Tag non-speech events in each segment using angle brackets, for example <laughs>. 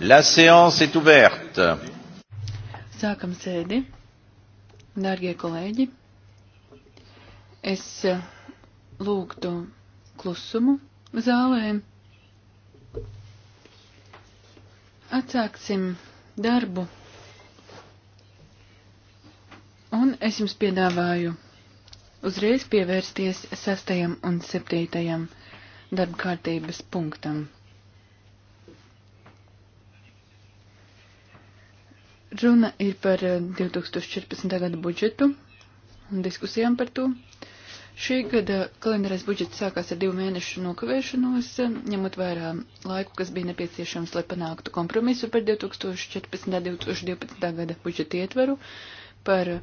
La séance est ouverte. Sākam sēdi. Dārgie kolēģi, es lūgtu klusumu zālē. Atsāksim darbu. Un es jums piedāvāju uzreiz pievērsties sastajam un septītajam darba kārtības punktam. Runa ir par 2014. Eh, gada budžetu un diskusijām par to. Šī gada kalendārais budžets sākās ar divu mēnešu nokavēšanos, eh, ņemot vērā laiku, kas bija nepieciešams, lai panāktu kompromisu par 2014. un 2012. gada budžeta ietveru. Par, eh,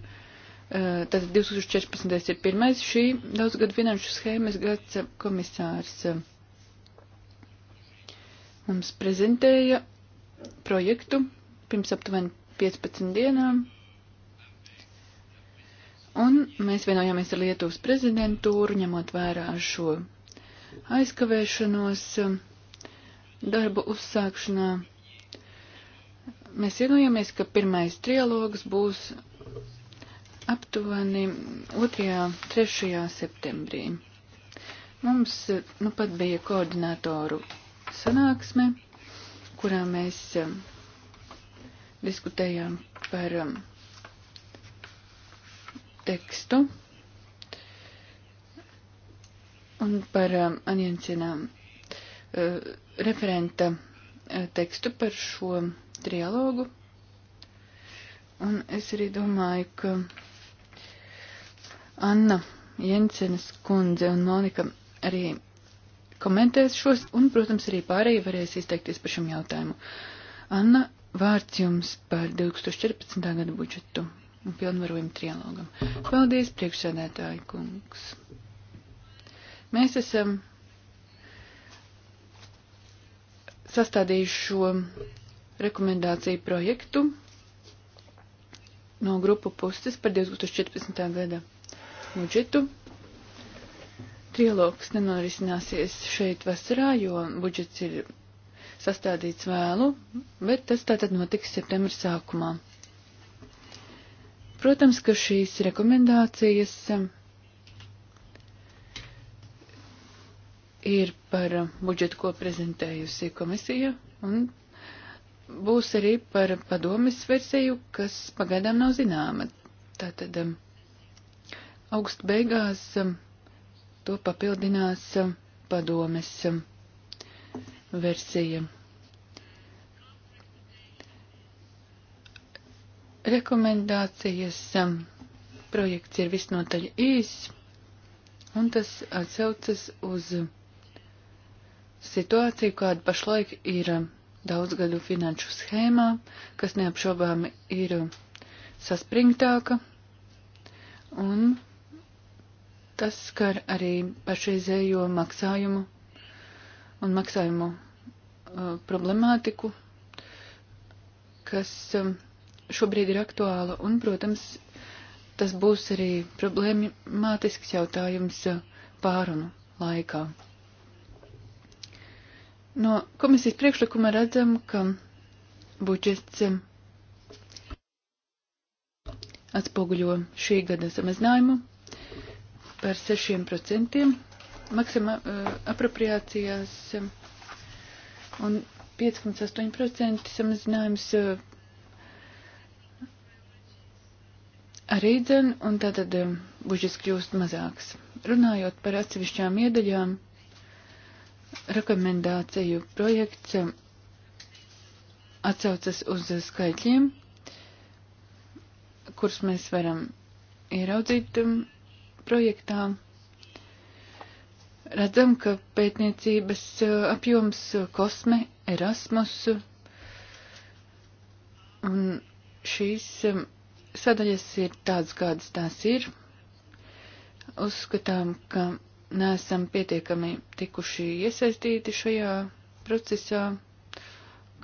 tātad 2014. ir pirmais šī daudzgada finanšu schēmas gads komisārs mums prezentēja projektu pirms aptuveni 15 dienām. Un mēs vienojāmies ar Lietuvas prezidentūru, ņemot vērā šo aizkavēšanos darba uzsākšanā. Mēs vienojāmies, ka pirmais trialogs būs aptuveni 2. 3. septembrī. Mums nu pat bija koordinātoru sanāksme, kurā mēs diskutējām par um, tekstu un par um, Anjencinām uh, referenta uh, tekstu par šo trialogu. Un es arī domāju, ka Anna Jensenas kundze un Monika arī komentēs šos, un, protams, arī pārējie varēs izteikties par šim jautājumu. Anna Vārds jums par 2014. gada budžetu un pilnvarojumu trialogam. Paldies, priekšsēdētāji kungs. Mēs esam sastādījuši šo rekomendāciju projektu no grupu puses par 2014. gada budžetu. Trialogs nenorisināsies šeit vasarā, jo budžets ir sastādīts vēlu, bet tas tātad notiks septembra sākumā. Protams, ka šīs rekomendācijas ir par budžetu, ko prezentējusi komisija, un būs arī par padomis versiju, kas pagaidām nav zināma. Tātad um, augstu beigās um, to papildinās um, padomis versija. Rekomendācijas um, projekts ir visnotaļ īss, un tas atsaucas uz situāciju, kāda pašlaik ir um, daudzgadu finanšu schēmā, kas neapšaubāmi ir um, saspringtāka, un tas skar arī pašreizējo maksājumu un maksājumu uh, problemātiku, kas uh, šobrīd ir aktuāla un, protams, tas būs arī problēmātisks jautājums pārunu laikā. No komisijas priekšlikuma redzam, ka budžets atspoguļo šī gada samazinājumu par 6% maksimā eh, apropriācijās eh, un 5,8% samazinājums eh, rīdzen, un tātad um, budžets kļūst mazāks. Runājot par atsevišķām iedaļām, rekomendāciju projekts um, atsaucas uz skaitļiem, kurus mēs varam ieraudzīt um, projektā. Redzam, ka pētniecības uh, apjoms uh, kosme, Erasmus un šīs sadaļas ir tādas, kādas tās ir. Uzskatām, ka neesam pietiekami tikuši iesaistīti šajā procesā,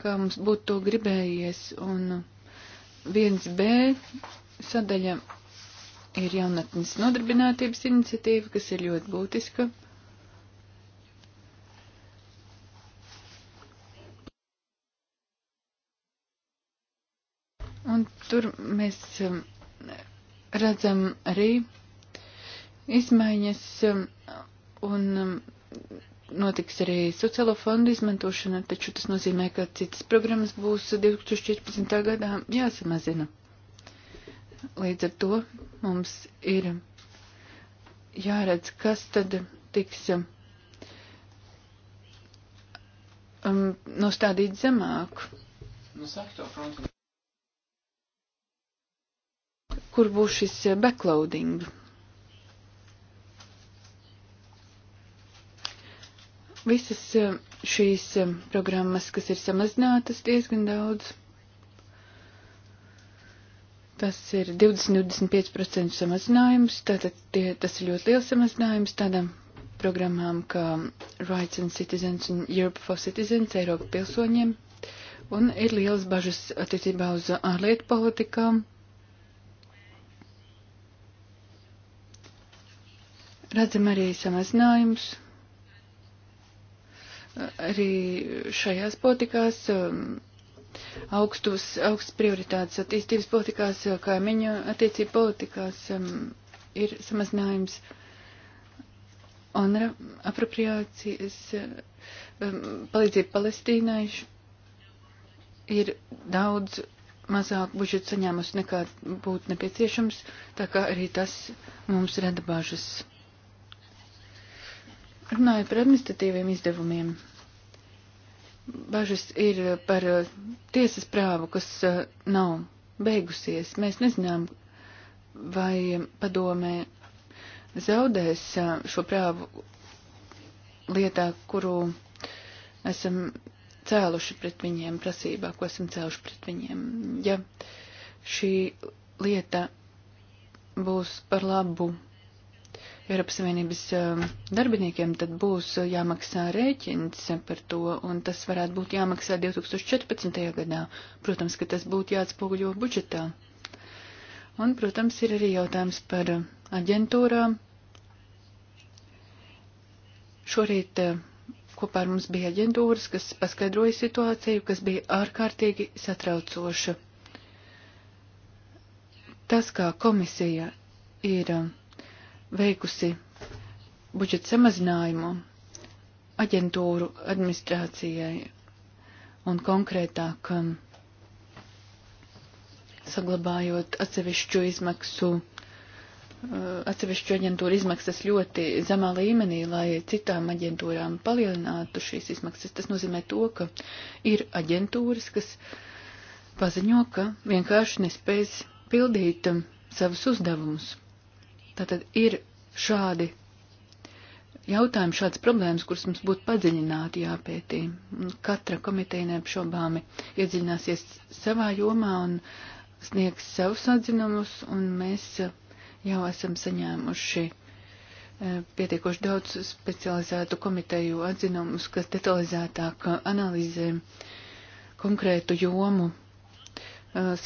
kā mums būtu to gribējies, un 1B sadaļa ir jaunatnes nodarbinātības iniciatīva, kas ir ļoti būtiska. Tur mēs um, redzam arī izmaiņas um, un um, notiks arī sociālo fondu izmantošana, taču tas nozīmē, ka citas programmas būs 2014. gadā jāsamazina. Līdz ar to mums ir jāredz, kas tad tiks um, nostādīts zemāk. Nu, saka to frontu kur būs šis backloading. Visas eh, šīs eh, programmas, kas ir samazinātas diezgan daudz, tas ir 20-25% samazinājums, tātad tie, tas ir ļoti liels samazinājums tādām programmām kā Rights and Citizens un Europe for Citizens, Eiropa pilsoņiem, un ir liels bažas attiecībā uz ārlietu politikām Redzam arī samazinājumus arī šajās politikās, um, augstus, augsts prioritātes attīstības politikās, uh, kaimiņu attiecību politikās um, ir samazinājums un apropriācijas uh, um, palīdzība Palestīnai ir daudz mazāk budžeta saņēmusi nekā būtu nepieciešams, tā kā arī tas mums rada bažas. Runājot par administratīviem izdevumiem, bažas ir par eh, tiesas prāvu, kas eh, nav beigusies. Mēs nezinām, vai padomē zaudēs eh, šo prāvu lietā, kuru esam cēluši pret viņiem, prasībā, ko esam cēluši pret viņiem. Ja šī lieta būs par labu Eiropas Savienības um, darbiniekiem tad būs jāmaksā rēķins par to, un tas varētu būt jāmaksā 2014. gadā. Protams, ka tas būtu jāatspoguļo budžetā. Un, protams, ir arī jautājums par aģentūrām. Šorīt uh, kopā ar mums bija aģentūras, kas paskaidroja situāciju, kas bija ārkārtīgi satraucoša. Tas, kā komisija ir um, veikusi budžeta samazinājumu aģentūru administrācijai un konkrētāk um, saglabājot atsevišķu izmaksu, uh, atsevišķu aģentūru izmaksas ļoti zemā līmenī, lai citām aģentūrām palielinātu šīs izmaksas. Tas nozīmē to, ka ir aģentūras, kas paziņo, ka vienkārši nespējas pildīt um, savus uzdevumus. Tātad ir šādi jautājumi, šāds problēmas, kuras mums būtu padziļināti jāpētī. Katra komiteja neapšaubāmi iedziļināsies savā jomā un sniegs savus atzinumus, un mēs jau esam saņēmuši e, pietiekoši daudz specializētu komiteju atzinumus, kas detalizētāk analizē konkrētu jomu e,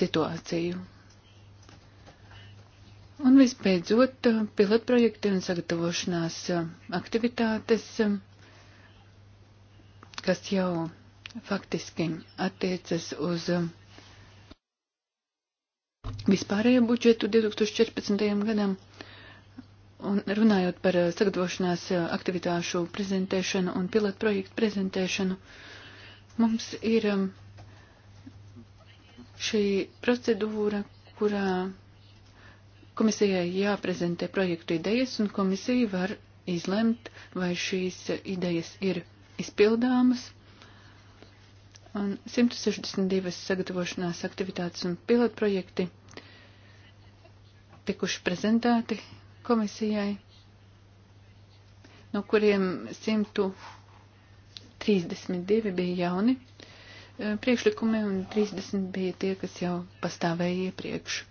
situāciju. Un visbeidzot, pilotprojekti un sagatavošanās aktivitātes, kas jau faktiski attiecas uz vispārējo budžetu 2014. gadam. Un runājot par sagatavošanās aktivitāšu prezentēšanu un pilotprojektu prezentēšanu, mums ir um, šī procedūra, kurā Komisijai jāprezentē projektu idejas, un komisija var izlemt, vai šīs idejas ir izpildāmas. Un 162 sagatavošanās aktivitātes un pilotprojekti tikuši prezentēti komisijai, no kuriem 132 bija jauni e, priekšlikumi un 30 bija tie, kas jau pastāvēja iepriekš.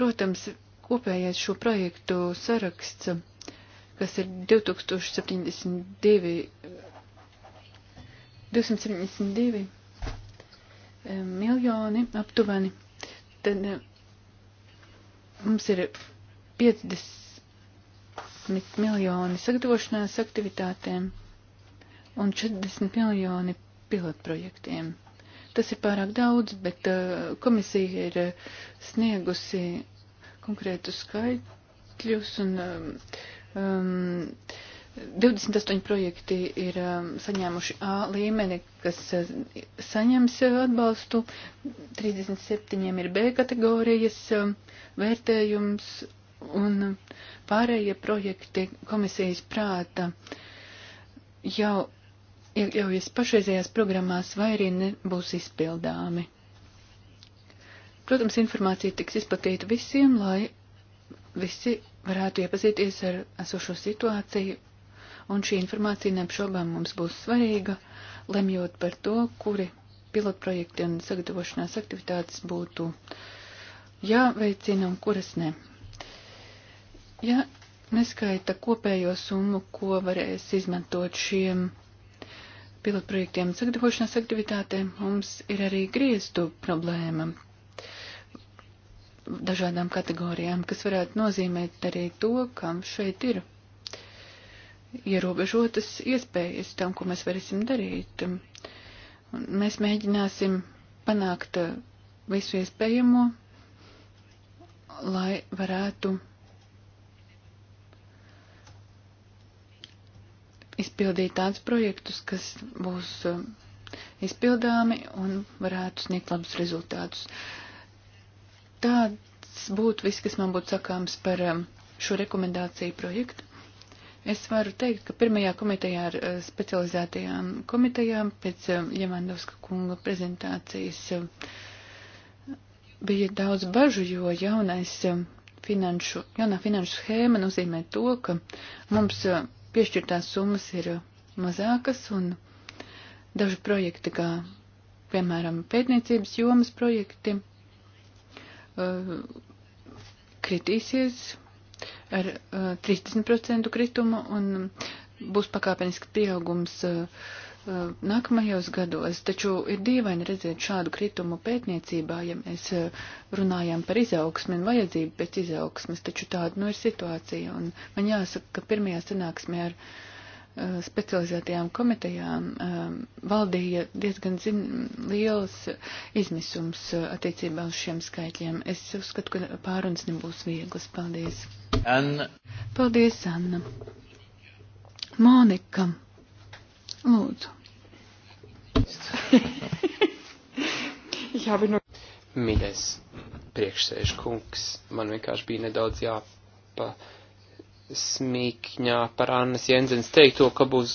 Protams, kopējais šo projektu saraksts, kas ir 2072, 272 eh, miljoni aptuveni, tad eh, mums ir 50 miljoni sagatavošanās aktivitātēm un 40 miljoni pilotprojektiem. projektiem tas ir pārāk daudz, bet uh, komisija ir uh, sniegusi konkrētu skaitļus un um, 28 um, projekti ir um, saņēmuši A līmeni, kas uh, saņems uh, atbalstu, 37 ir B kategorijas um, vērtējums un pārējie projekti komisijas prāta jau iekļaujas pašreizējās programmās vai arī nebūs izpildāmi. Protams, informācija tiks izplatīta visiem, lai visi varētu iepazīties ar esošo situāciju, un šī informācija neapšaubām mums būs svarīga, lemjot par to, kuri pilotprojekti un sagatavošanās aktivitātes būtu jāveicina un kuras ne. Ja neskaita kopējo summu, ko varēs izmantot šiem pilotprojektiem un sagatavošanās aktivitātēm, mums ir arī griestu problēma dažādām kategorijām, kas varētu nozīmēt arī to, kam šeit ir ierobežotas iespējas tam, ko mēs varēsim darīt. Un mēs mēģināsim panākt visu iespējamo, lai varētu izpildīt tādus projektus, kas būs uh, izpildāmi un varētu sniegt labus rezultātus. Tāds būtu viss, kas man būtu sakāms par um, šo rekomendāciju projektu. Es varu teikt, ka pirmajā komitejā ar uh, specializētajām komitejām pēc Jemandovska um, kunga prezentācijas um, bija daudz bažu, jo jaunais finanšu, jaunā finanšu schēma nozīmē to, ka mums uh, piešķirtās summas ir mazākas un daži projekti, kā piemēram pētniecības jomas projekti, eh, kritīsies ar 30% eh, kritumu un būs pakāpeniski pieaugums uh, Eh, nākamajos gados, taču ir dīvaini redzēt šādu kritumu pētniecībā, ja mēs eh, runājam par izaugsmi un vajadzību pēc izaugsmes, taču tāda nu ir situācija, un man jāsaka, ka pirmajā sanāksmē ar eh, specializētajām komitejām valdīja diezgan zin, liels izmisums attiecībā uz šiem skaitļiem. Es uzskatu, ka pārunas nebūs vieglas. Paldies. Anna. Paldies, Anna. Monika. Lūdzu. <laughs> Mīļais priekšsēžu kungs, man vienkārši bija nedaudz jāpasmīkņā par Annas Jensens teikto, ka būs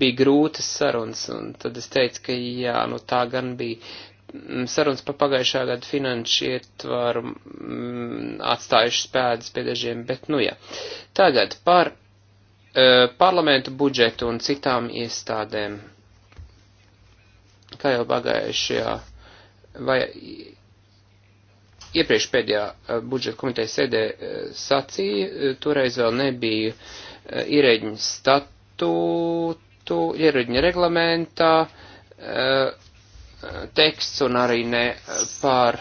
bija grūtas sarunas, un tad es teicu, ka jā, nu tā gan bija mm, sarunas par pagājušā gada finanšu ietvaru mm, atstājušas pēdas pie dažiem, bet nu jā. Tagad par E, parlamentu budžetu un citām iestādēm, kā jau pagājušajā vai iepriekš pēdējā e, budžeta komitejas sēdē e, sacīja, toreiz vēl nebija ierēģiņa statūtu, ierēģiņa reglamentā teksts un arī ne par,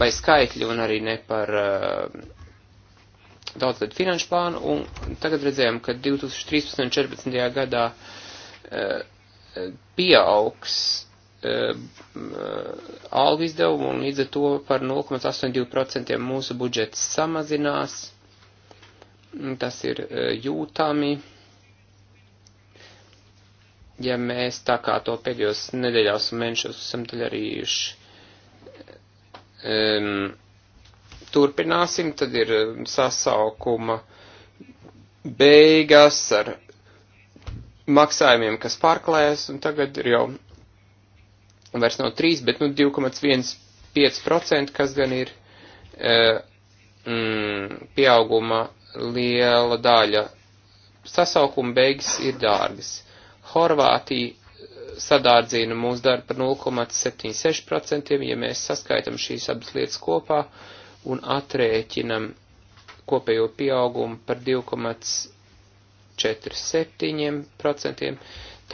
vai skaitļi un arī ne par daudzgadu finanšu plānu, un tagad redzējām, ka 2013. un 2014. gadā e, pieaugs e, algu izdevumu, un līdz ar to par 0,82% mūsu budžets samazinās. Tas ir e, jūtami. Ja mēs tā kā to pēdējos nedēļās un mēnešos esam taļarījuši. Um, turpināsim, tad ir um, sasaukuma beigas ar maksājumiem, kas pārklājas, un tagad ir jau vairs nav 3, bet nu 2,15%, kas gan ir e, mm, pieauguma liela daļa. Sasaukuma beigas ir dārgas. Horvātija e, sadārdzina mūsu darbu par 0,76%, ja mēs saskaitam šīs abas lietas kopā, uh, un atrēķinam kopējo pieaugumu par 2,47%.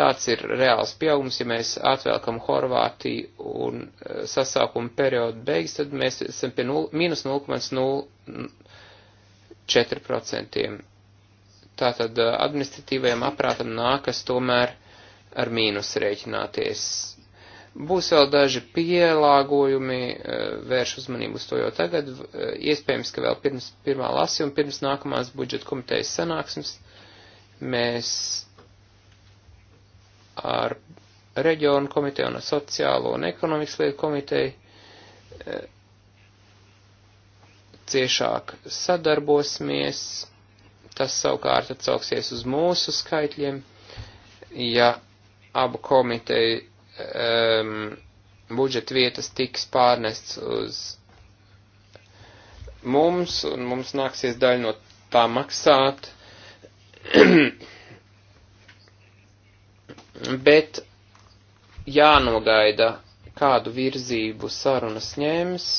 Tāds ir reāls pieaugums, ja mēs atvēlkam Horvātiju un e, sasākuma periodu beigas, tad mēs esam pie 0, mīnus 0,04%. Tātad e, administratīvajam aprātam nākas tomēr ar mīnus rēķināties Būs vēl daži pielāgojumi, eh, vērš uzmanību uz to jau tagad, eh, iespējams, ka vēl pirms pirmā lasījuma, pirms nākamās budžeta komitejas sanāksmes, mēs ar reģionu komiteju un ar sociālo un ekonomikas lietu komiteju eh, ciešāk sadarbosimies, tas savukārt atsauksies uz mūsu skaitļiem, ja abu komiteju um, budžeta vietas tiks pārnests uz mums, un mums nāksies daļa no tā maksāt. <clears throat> Bet jānogaida, kādu virzību sarunas ņems.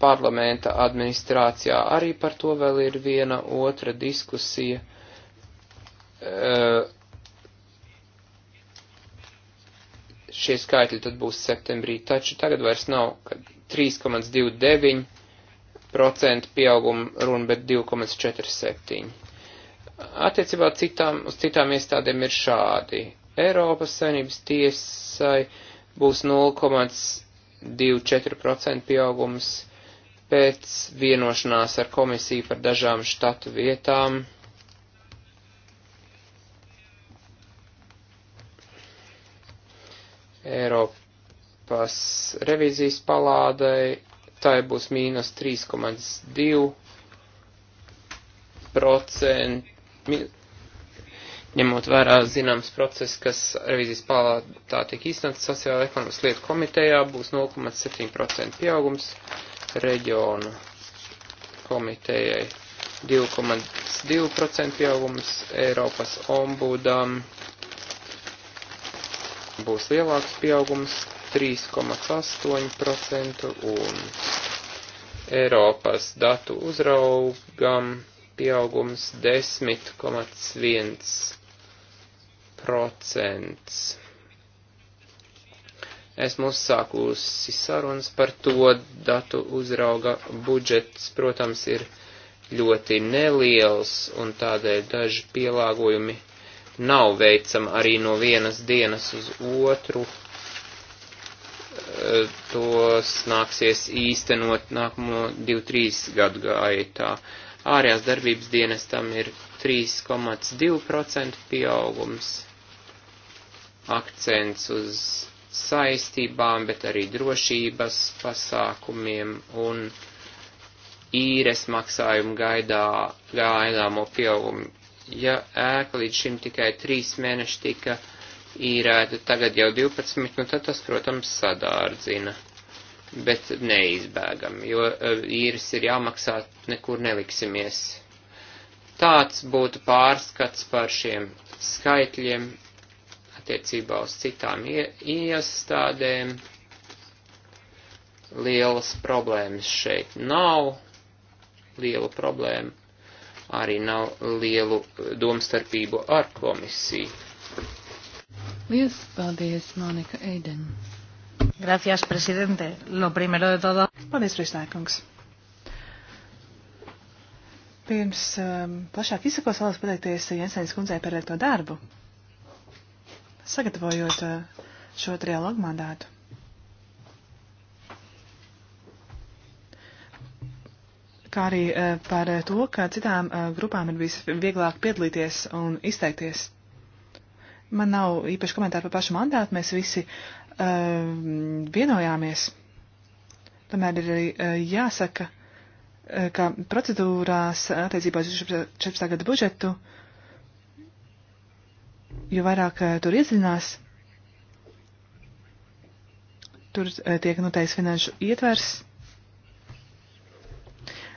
Parlamenta administrācijā arī par to vēl ir viena otra diskusija. Uh, šie skaitļi tad būs septembrī, taču tagad vairs nav 3,29% pieauguma runa, bet 2,47%. Attiecībā citām, uz citām iestādēm ir šādi. Eiropas Savienības tiesai būs 0,24% pieaugums pēc vienošanās ar komisiju par dažām štatu vietām Eiropas revīzijas palādai, tā būs mīnus 3,2 procenti, ņemot vērā zināms process, kas revīzijas palātā tiek īstenots sociāla ekonomikas lietu komitejā, būs 0,7% pieaugums reģionu komitejai, 2,2% pieaugums Eiropas ombudam būs lielāks pieaugums 3,8% un Eiropas datu uzraugam pieaugums 10,1%. Esmu uzsākusi sarunas par to datu uzrauga budžets, protams, ir ļoti neliels un tādēļ daži pielāgojumi nav veicama arī no vienas dienas uz otru. E, tos nāksies īstenot nākamo 2-3 gadu gaitā. Ārējās darbības dienestam ir 3,2% pieaugums. Akcents uz saistībām, bet arī drošības pasākumiem un īres maksājumu gaidā, gaidāmo pieaugumu ja ēka līdz šim tikai 3 mēneši tika īrēta, tagad jau 12, nu tad tas, protams, sadārdzina, bet neizbēgam, jo e, īres ir jāmaksā, nekur neliksimies. Tāds būtu pārskats par šiem skaitļiem attiecībā uz citām iestādēm. Lielas problēmas šeit nav, liela problēma arī nav lielu eh, domstarpību ar komisiju. Liels paldies, Monika Eiden. Gracias, presidente. Lo primero de todo. Paldies, priekšsēkungs. Pirms um, plašāk izsakos vēlos pateikties Jensēnas kundzei par to darbu, sagatavojot uh, šo trialogu mandātu. kā arī e, par e, to, ka citām e, grupām ir bijis vieglāk piedalīties un izteikties. Man nav īpaši komentāri par pašu mandātu, mēs visi uh, vienojāmies. Tomēr ir arī uh, jāsaka, uh, ka procedūrās attiecībā uz 14. gada budžetu, jo vairāk uh, tur iedziļinās, tur uh, tiek noteikts finanšu ietvers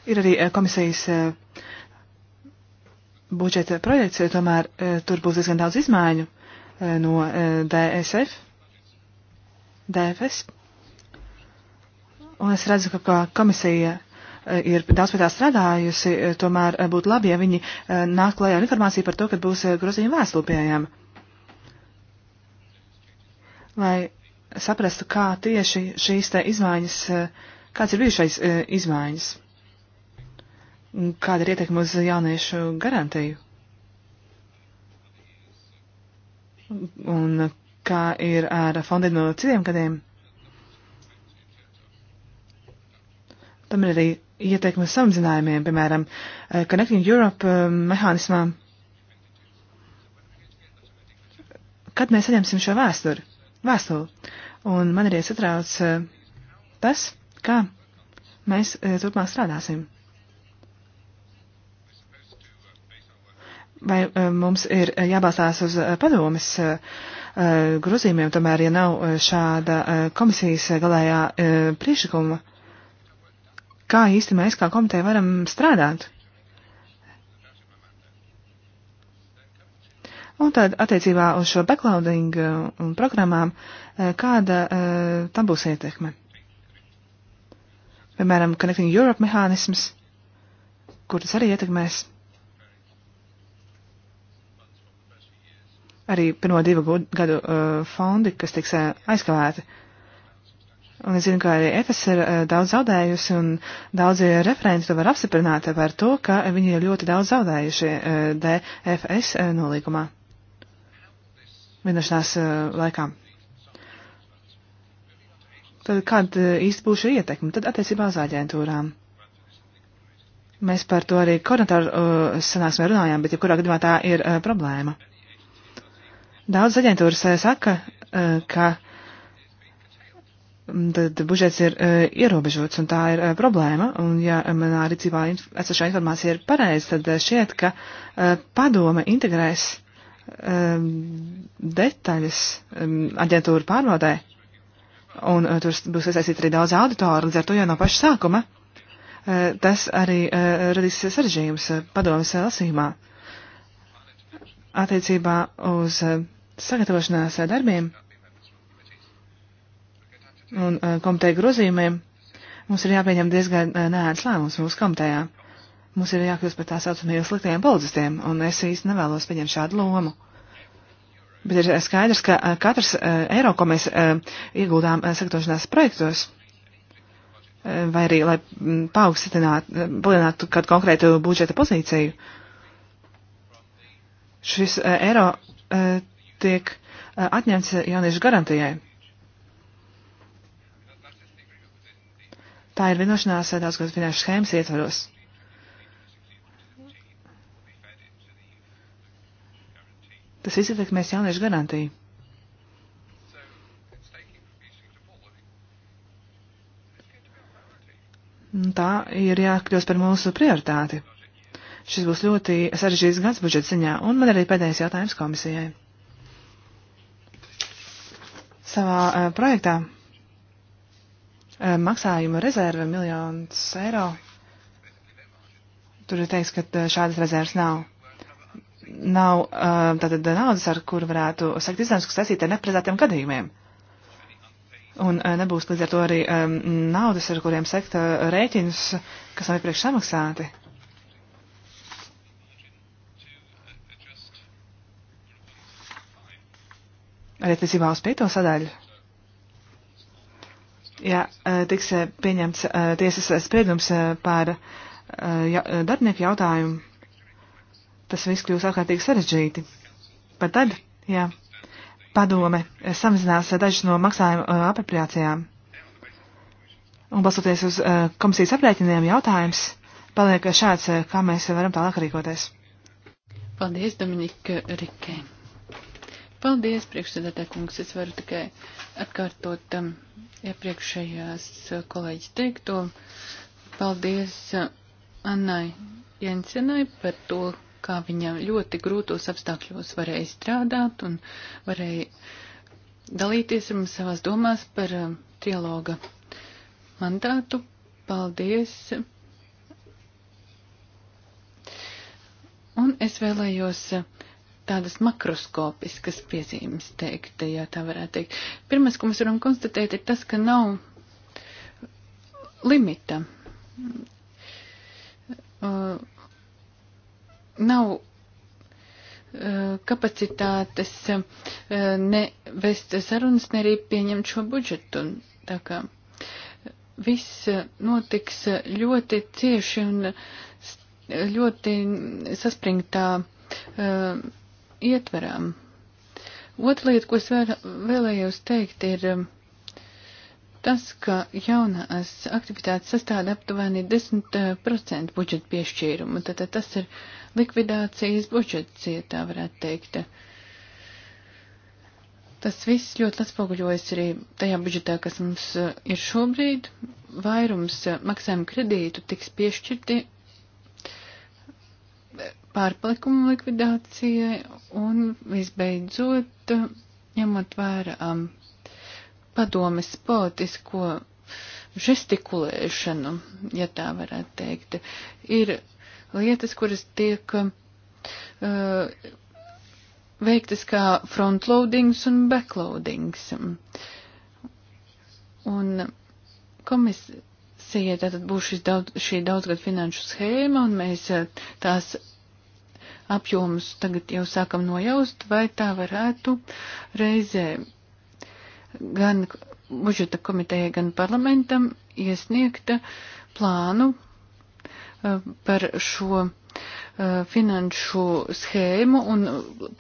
Ir arī eh, komisijas eh, budžeta projekts, eh, tomēr tur būs diezgan daudz izmaiņu no DSF, DFS. Un es redzu, ka komisija ir daudz pie tā strādājusi, tomēr būtu labi, ja viņi nāk klajā ar informāciju par to, kad būs grozījuma vēstule pieejama. Lai saprastu, kā tieši šīs te izmaiņas, kāds ir bijušais izmaiņas. Kāda ir ietekme uz jauniešu garantiju? Un kā ir ar fondiem no citiem gadiem? Tam ir arī ieteikumi samazinājumiem, piemēram, Connecting Europe eh, mehānismā. Kad mēs saņemsim šo vēsturi, vēstuli? Un man arī satrauc eh, tas, kā mēs eh, turpmāk strādāsim. vai eh, mums ir eh, jābalstās uz eh, padomes grozījumiem, tomēr, ja nav šāda komisijas galējā priekšlikuma, kā īsti mēs kā komiteja varam strādāt? Un tad attiecībā uz šo backloading un programmām, kāda tam būs ietekme? Piemēram, Connecting Europe mehānisms, kur tas arī ietekmēs. arī pirmo divu gadu uh, fondi, kas tiks uh, aizkavēti. Un es zinu, ka arī EFS ir uh, daudz zaudējusi, un daudzi referenti to var apstiprināt par to, ka viņi ir ļoti daudz zaudējuši uh, DFS uh, nolīgumā. Vienošanās uh, laikā. Tad kāda uh, īsti būs šī ietekme? Tad attiecībā uz aģentūrām. Mēs par to arī koordinatoru uh, sanāksmē runājām, bet jebkurā gadījumā tā ir uh, problēma. Daudz aģentūras eh, saka, eh, ka mm, tad budžets ir uh, ierobežots, un tā ir uh, problēma. Un, ja manā rīcībā inf esošā informācija ir pareiza, tad uh, šķiet, ka uh, padome integrēs uh, detaļas um, mm, aģentūra pārvaldē, un uh, tur būs iesaistīti arī daudz auditoru, līdz ar to jau no paša sākuma. Uh, tas arī uh, radīs sarežģījums uh, padomas uh, lasījumā attiecībā uz. Uh, sagatavošanās eh, darbiem un eh, komiteja grozījumiem mums ir jāpieņem diezgan eh, nērts lēmums mūsu komitejā. Mums ir jākļūst par tā saucamajiem sliktiem policistiem, un es īsti nevēlos pieņemt šādu lomu. Bet ir skaidrs, ka katrs eiro, ko mēs ieguldām sagatavošanās projektos, vai arī, lai mm, paaugstinātu, palielinātu kādu konkrētu budžeta pozīciju, šis eiro tiek eh, atņemts jauniešu garantijai. Tā ir vienošanās daudzgad finanšu schēmas ietvaros. Tas viss ietekmēs jauniešu garantiju. Tā ir jākļūst par mūsu prioritāti. Šis būs ļoti sarežģīts gads budžeta ziņā, un man arī pēdējais jautājums komisijai savā eh, projektā eh, maksājuma rezerve miljonus eiro. Tur ir teiks, ka eh, šādas rezerves nav. Nav tātad naudas, ar kuru varētu sekt izdevumus, kas saistīti ar neprezētiem gadījumiem. Un nebūs līdz ar to arī naudas, ar kuriem sekt rēķinus, kas nav iepriekš samaksāti. arī attiecībā uz pieto sadaļu. Ja e, tiks e, pieņemts e, tiesas spriedums par darbinieku jautājumu, tas viss kļūs ārkārtīgi sarežģīti. Pat tad, ja padome samazinās dažas no maksājuma apropriācijām. Un balstoties uz komisijas aprēķiniem, jautājums paliek šāds, kā mēs varam tālāk rīkoties. Paldies, Dominika Rikē. Paldies, priekšsēdētāj kungs. Es varu tikai atkārtot um, iepriekšējās uh, kolēģis teikto. Paldies uh, Annai Jensenai par to, kā viņa ļoti grūtos apstākļos varēja strādāt un varēja dalīties ar mums savās domās par um, trialoga mandātu. Paldies! Un es vēlējos uh, tādas makroskopiskas piezīmes teikt, ja tā varētu teikt. Pirmais, ko mēs varam konstatēt, ir tas, ka nav limita. Uh, nav uh, kapacitātes uh, ne vest sarunas, ne arī pieņemt šo budžetu. Tā kā viss notiks ļoti cieši un ļoti saspringtā uh, ietveram. Otra lieta, ko es vēl, vēlējos teikt, ir um, tas, ka jaunās aktivitātes sastāda aptuveni 10% uh, budžeta piešķīrumu. Tātad tas ir likvidācijas budžets, ja tā varētu teikt. Tas viss ļoti atspoguļojas arī tajā budžetā, kas mums uh, ir šobrīd. Vairums uh, maksājumu kredītu tiks piešķirti pārpalikumu likvidācijai un visbeidzot, ņemot vērā um, padomes politisko žestikulēšanu, ja tā varētu teikt, ir lietas, kuras tiek um, uh, veiktas kā frontloadings un backloadings. Un komisija tātad būs šis daudz, šī daudzgad finanšu schēma, un mēs uh, tās apjomus tagad jau sākam nojaust, vai tā varētu reizē gan budžeta komitejai, gan parlamentam iesniegt uh, plānu uh, par šo uh, finanšu schēmu un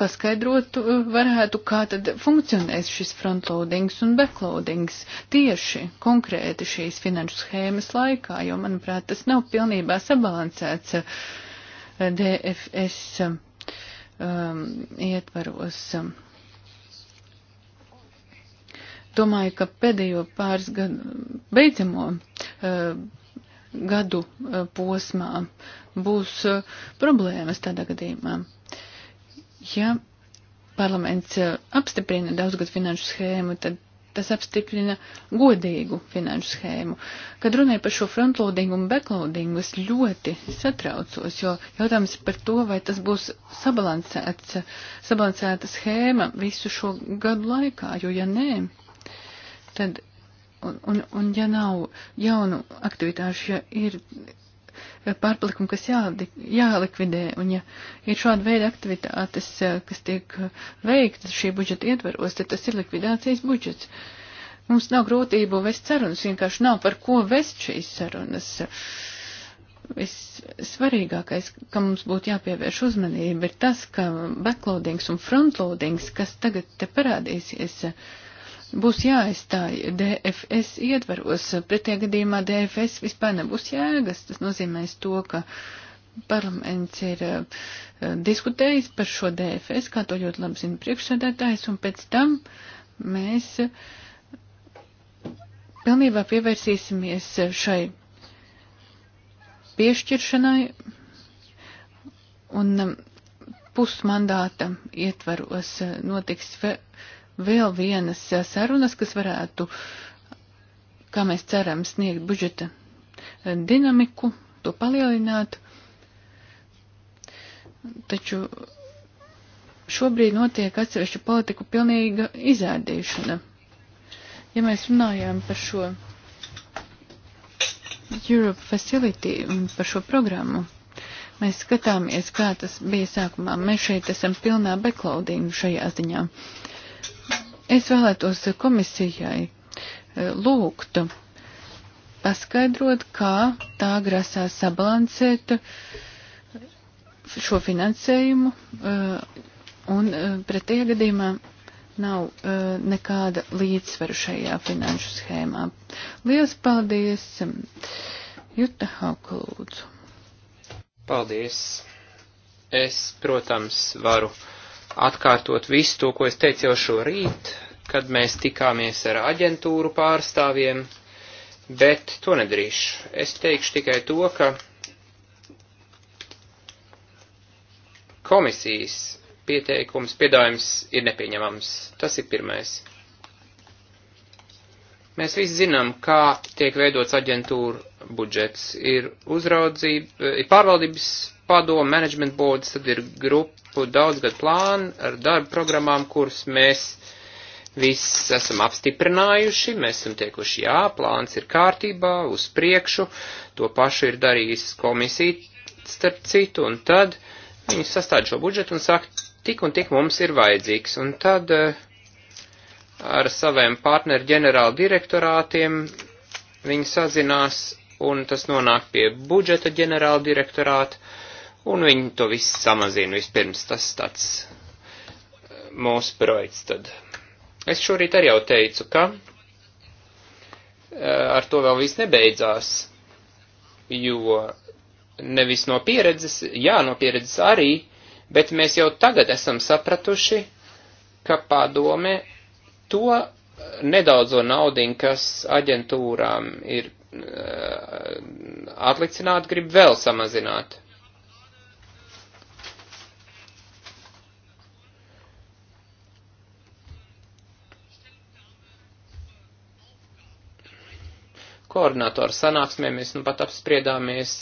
paskaidrot varētu, kā tad funkcionēs šis frontloadings un backloadings tieši konkrēti šīs finanšu schēmas laikā, jo, manuprāt, tas nav pilnībā sabalansēts DFS um, um, ietvaros. Um, domāju, ka pēdējo pāris gadu beidzamo uh, gadu uh, posmā būs uh, problēmas tādā gadījumā. Ja parlaments uh, apstiprina daudzgad finanšu schēmu, tad tas apstiprina godīgu finanšu schēmu. Kad runāju par šo frontloadingu un backloadingu, es ļoti satraucos, jo jautājums par to, vai tas būs sabalansēts, sabalansēta schēma visu šo gadu laikā, jo ja nē, tad, un, un, un ja nav jaunu aktivitāšu, ja ir Eh, pārpalikumu, kas jādik, jālikvidē. Un ja ir šāda veida aktivitātes, eh, kas tiek eh, veiktas šī budžeta ietveros, tad tas ir likvidācijas budžets. Mums nav grūtību vest sarunas, vienkārši nav par ko vest šīs sarunas. Vissvarīgākais, kam mums būtu jāpievērš uzmanība, ir tas, ka backloadings un frontloadings, kas tagad te parādīsies, uh, būs jāaizstāj DFS ietvaros. Pretējā gadījumā DFS vispār nebūs jēgas. Tas nozīmēs to, ka parlaments ir uh, diskutējis par šo DFS, kā to ļoti labi zina priekšsēdētājs, un pēc tam mēs pilnībā pievērsīsimies šai piešķiršanai un um, pusmandāta ietvaros eh, notiks. Fe, vēl vienas eh, sarunas, kas varētu, kā mēs ceram, sniegt budžeta eh, dinamiku, to palielināt. Taču šobrīd notiek atsevišķu politiku pilnīga izēdīšana. Ja mēs runājām par šo Europe Facility un par šo programmu, mēs skatāmies, kā tas bija sākumā. Mēs šeit esam pilnā backloading šajā ziņā. Uh, Es vēlētos komisijai eh, lūgt paskaidrot, kā tā grasās sabalansēt eh, šo finansējumu, eh, un pretējā gadījumā nav nekāda līdzsvaru šajā finanšu schēmā. Lielas paldies! Juta Hauka lūdzu. Paldies! Es, protams, varu atkārtot visu to, ko es teicu jau šorīt, kad mēs tikāmies ar aģentūru pārstāvjiem, bet to nedrīkšu. Es teikšu tikai to, ka komisijas pieteikums, piedājums ir nepieņemams. Tas ir pirmais. Mēs visi zinām, kā tiek veidots aģentūra budžets. Ir uzraudzība, ir pārvaldības padomu, management boards, tad ir grupu daudzgad plāni ar darba programmām, kuras mēs viss esam apstiprinājuši, mēs esam tiekuši, jā, plāns ir kārtībā, uz priekšu, to pašu ir darījis komisija starp citu, un tad viņi sastāda šo budžetu un saka, tik un tik mums ir vajadzīgs, un tad eh, ar saviem partneru ģenerāla direktorātiem viņi sazinās, un tas nonāk pie budžeta ģenerāla direktorāta, un viņi to visu samazina vispirms. Tas tāds eh, mūsu projekts tad. Es šorīt arī jau teicu, ka eh, ar to vēl viss nebeidzās, jo nevis no pieredzes, jā, no pieredzes arī, bet mēs jau tagad esam sapratuši, ka padome to eh, nedaudzo naudiņu, kas aģentūrām ir atlicināt, grib vēl samazināt. koordinatoru sanāksmē mēs nu pat apspriedāmies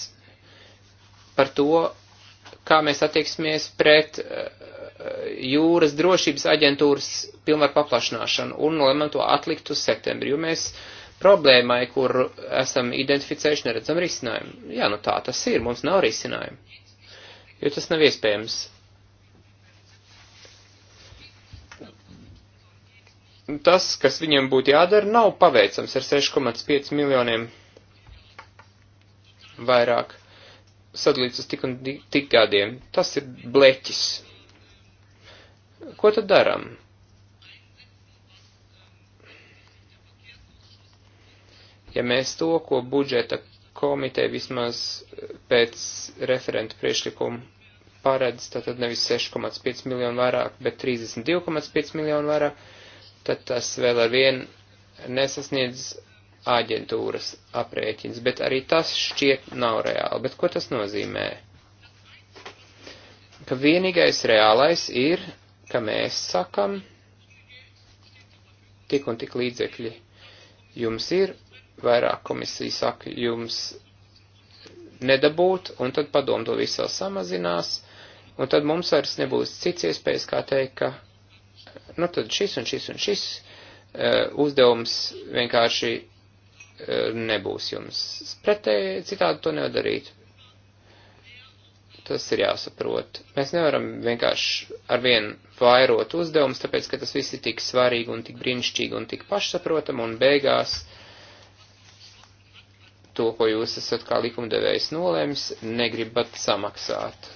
par to, kā mēs attieksimies pret eh, jūras drošības aģentūras pilnvaru paplašināšanu un lēmām to atlikt uz septembri, jo mēs problēmai, kur esam identificējuši, neredzam risinājumu. Jā, nu tā tas ir, mums nav risinājumu, jo tas nav iespējams. tas, kas viņiem būtu jādara, nav paveicams ar 6,5 miljoniem vairāk sadalīts uz tik un tik gadiem. Tas ir bleķis. Ko tad daram? Ja mēs to, ko budžeta komiteja vismaz pēc referentu priekšlikumu paredz, tad nevis 6,5 miljonu vairāk, bet 32,5 miljonu vairāk, tad tas vēl ar vienu nesasniedz aģentūras aprēķins, bet arī tas šķiet nav reāli. Bet ko tas nozīmē? Ka vienīgais reālais ir, ka mēs sakam, tik un tik līdzekļi jums ir, vairāk komisija saka, jums nedabūt, un tad padomu to visā samazinās, un tad mums vairs nebūs cits iespējas, kā teikt, ka nu tad šis un šis un šis e, uzdevums vienkārši e, nebūs jums. Pretēji citādi to nevar darīt. Tas ir jāsaprot. Mēs nevaram vienkārši ar vienu vairot uzdevumus, tāpēc, ka tas viss ir tik svarīgi un tik brīnišķīgi un tik pašsaprotam un beigās to, ko jūs esat kā likumdevējs nolēmis, negribat samaksāt.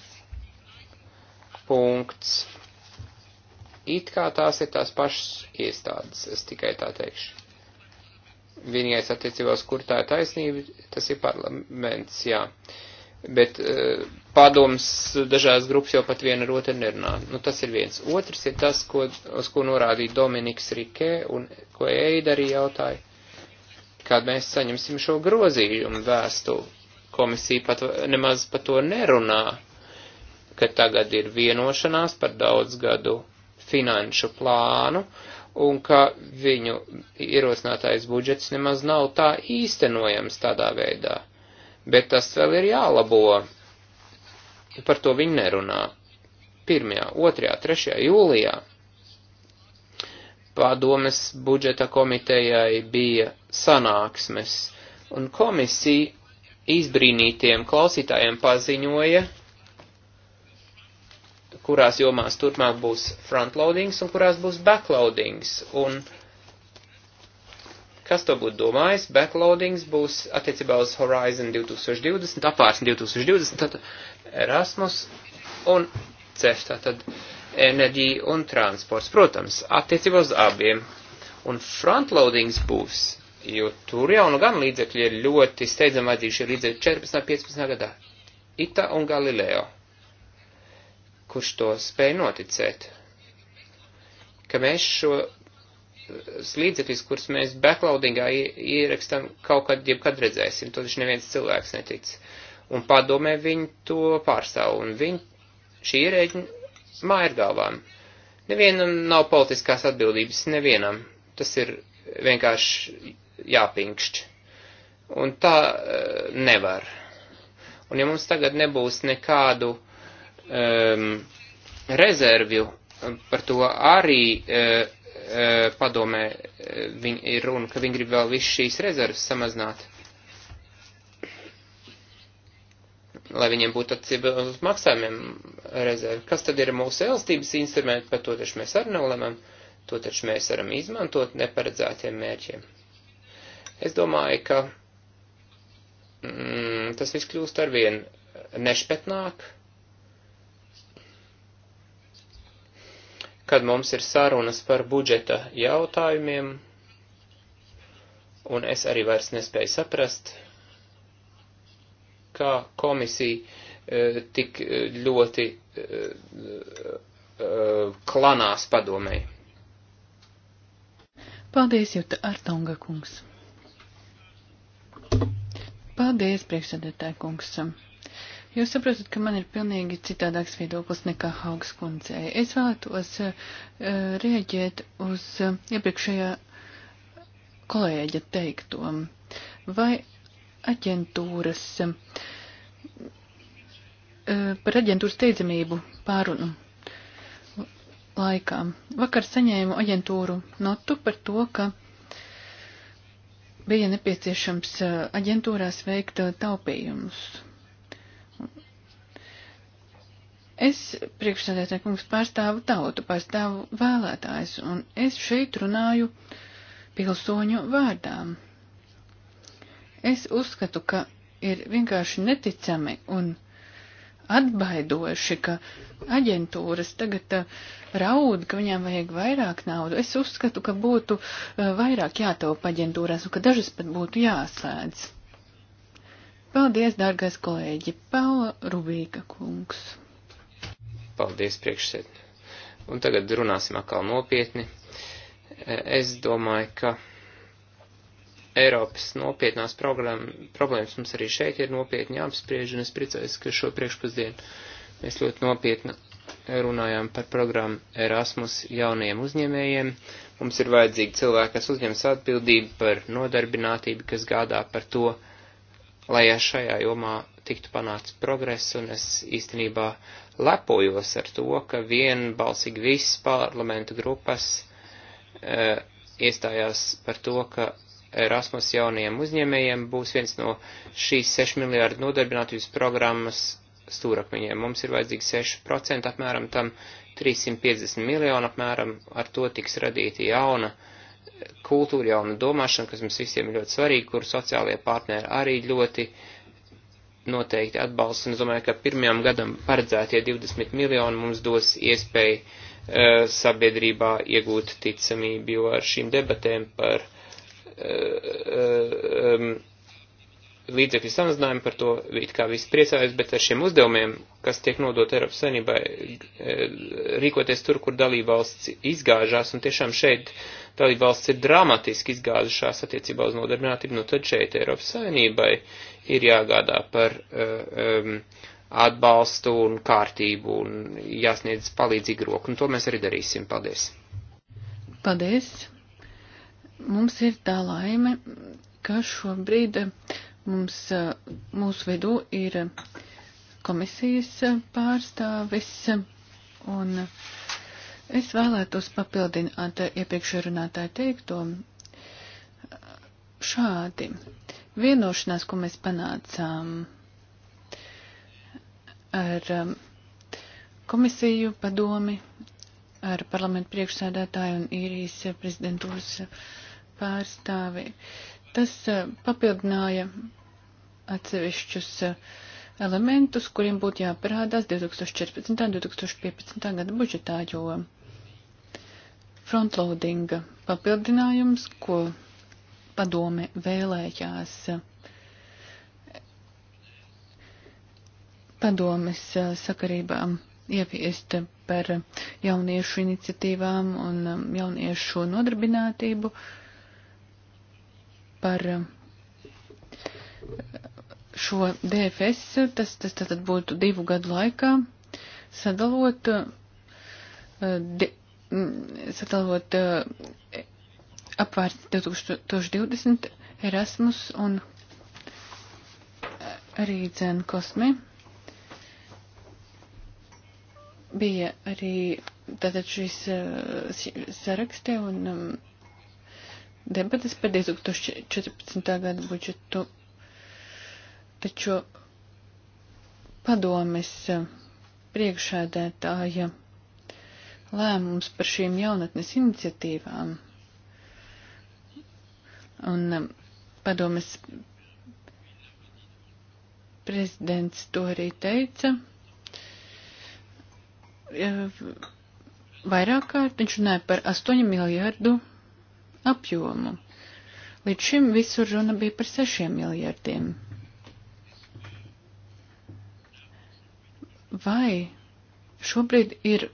Punkts. It kā tās ir tās pašas iestādes, es tikai tā teikšu. Vienīgais attiecībās, kur tā ir taisnība, tas ir parlaments, jā. Bet uh, padoms dažās grupas jau pat viena ar otru nerunā. Nu, tas ir viens. Otrs ir tas, ko, uz ko norādīja Dominiks Rikē un ko Eida arī jautāja, kad mēs saņemsim šo grozījumu vēstuli komisija pat nemaz par to nerunā, ka tagad ir vienošanās par daudz gadu finanšu plānu un ka viņu ierosinātais budžets nemaz nav tā īstenojams tādā veidā. Bet tas vēl ir jālabo. Par to viņi nerunā. 1., 2., 3. jūlijā padomes budžeta komitejai bija sanāksmes, un komisija izbrīnītiem klausītājiem paziņoja, kurās jomās turpmāk būs frontloadings un kurās būs backloadings. Un kas to būtu domājis? Backloadings būs attiecībā uz Horizon 2020, apārsni 2020, tad Erasmus un CEF, tātad enerģija un transports, protams, attiecībā uz abiem. Un frontloadings būs, jo tur jau nu gan līdzekļi ir ļoti steidzami vajadzīgi šie līdzekļi 14. 15. gadā. Ita un Galileo kurš to spēja noticēt, ka mēs šo eh, līdzekļus, kurus mēs backloadingā ierakstam, kaut kad, jebkad redzēsim, to taču neviens cilvēks netic. Un padomē viņi to pārstāv, un viņi šī ierēģi māja ir galvām. Nevienam nav politiskās atbildības, nevienam. Tas ir vienkārši jāpinkšķi. Un tā eh, nevar. Un ja mums tagad nebūs nekādu uh, um, rezervju, um, par to arī uh, uh, padomē uh, viņi ir runa, ka viņi grib vēl visu šīs rezervas samazināt. Lai viņiem būtu atcība uz maksājumiem rezervi. Kas tad ir mūsu elastības instrumenti, par to taču mēs arī nolemam, to taču mēs varam izmantot neparedzētiem mērķiem. Es domāju, ka mm, tas viss kļūst arvien nešpetnāk, kad mums ir sarunas par budžeta jautājumiem, un es arī vairs nespēju saprast, kā komisija e, tik e, ļoti e, e, klanās padomēji. Paldies, Juta Artonga kungs. Paldies, priekšsēdētāja kungs. Jūs saprotat, ka man ir pilnīgi citādāks viedoklis nekā Haugs kundzei. Es vēlētos uh, eh, rēģēt uz uh, iepriekšējā kolēģa teikto. Vai aģentūras, uh, par aģentūras steidzamību pārunu laikā. Vakar saņēmu aģentūru notu par to, ka bija nepieciešams aģentūrās veikt taupījumus Es priekšsēdētāju kungs pārstāvu tautu, pārstāvu vēlētājs, un es šeit runāju pilsoņu vārdām. Es uzskatu, ka ir vienkārši neticami un atbaidoši, ka aģentūras tagad uh, raud, ka viņām vajag vairāk naudu. Es uzskatu, ka būtu uh, vairāk jātaupa aģentūrās un ka dažas pat būtu jāslēdz. Paldies, dārgais kolēģi, Paula Rubīka kungs. Paldies priekšsēdē. Un tagad runāsim atkal nopietni. E, es domāju, ka Eiropas nopietnās problēmas mums arī šeit ir nopietni jāapspriež, un es priecājos, ka šo priekšpusdienu mēs ļoti nopietni runājām par programmu Erasmus jaunajiem uzņēmējiem. Mums ir vajadzīgi cilvēki, kas uzņems atbildību par nodarbinātību, kas gādā par to, lai šajā jomā tiktu panāts progress, un es īstenībā uh, lepojos ar to, ka vienbalsīgi visas parlamentu grupas e, iestājās par to, ka Erasmus jaunajiem uzņēmējiem būs viens no šīs 6 miljārdu nodarbinātības programmas stūrakmeņiem. Mums ir vajadzīgi 6% apmēram tam 350 miljonu apmēram, ar to tiks radīta jauna kultūra, jauna domāšana, kas mums visiem ir ļoti svarīga, kur sociālajie partneri arī ļoti uh, noteikti atbalsts, un es domāju, ka pirmajam gadam paredzētie 20 miljoni mums dos iespēju uh, sabiedrībā iegūt ticamību, jo ar šīm debatēm par uh, um, līdzekļu samazinājumu, par to it kā visi priecājas, bet ar šiem uzdevumiem, kas tiek nodot Eiropas saimnībai, eh, rīkoties tur, kur dalībvalsts izgāžās, un tiešām šeit dalībvalsts ir dramatiski izgāzušās attiecībā uz nodarbinātību, nu tad šeit Eiropas saimnībai ir jāgādā par um, atbalstu un kārtību un jāsniedz palīdzīgi roku, un to mēs arī darīsim. Paldies! Paldies! Mums ir tā laime, ka šobrīd uh, Mums, eh, mūsu vidū ir komisijas pārstāvis, un es vēlētos papildināt iepriekšējā runātāja teikto šādi. Vienošanās, ko mēs panācām ar um, komisiju, padomi, ar parlamentu priekšsēdētāju un īrijas prezidentūras pārstāvi. Uh, Tas eh, papildināja atsevišķus eh, elementus, kuriem būtu jāparādās 2014. un 2015. gada budžetā, jo frontloadinga papildinājums, ko padome vēlējās padomes eh, sakarībām ieviest par jauniešu iniciatīvām un jauniešu nodarbinātību, uh, par eh, šo DFS, tas, tas tad būtu divu gadu laikā, sadalot, eh, de, sadalot eh, apvārt 2020 Erasmus un arī dzēn kosmi. Bija arī tātad šis sarakstē un um, debatas par 2014. gada budžetu, taču padomes eh, priekšēdētāja lēmums par šīm jaunatnes iniciatīvām un eh, padomes prezidents to arī teica. Eh, vairāk kārt viņš runāja par 8 miljārdu apjomu. Līdz šim visur runa bija par sešiem miljardiem. Vai šobrīd ir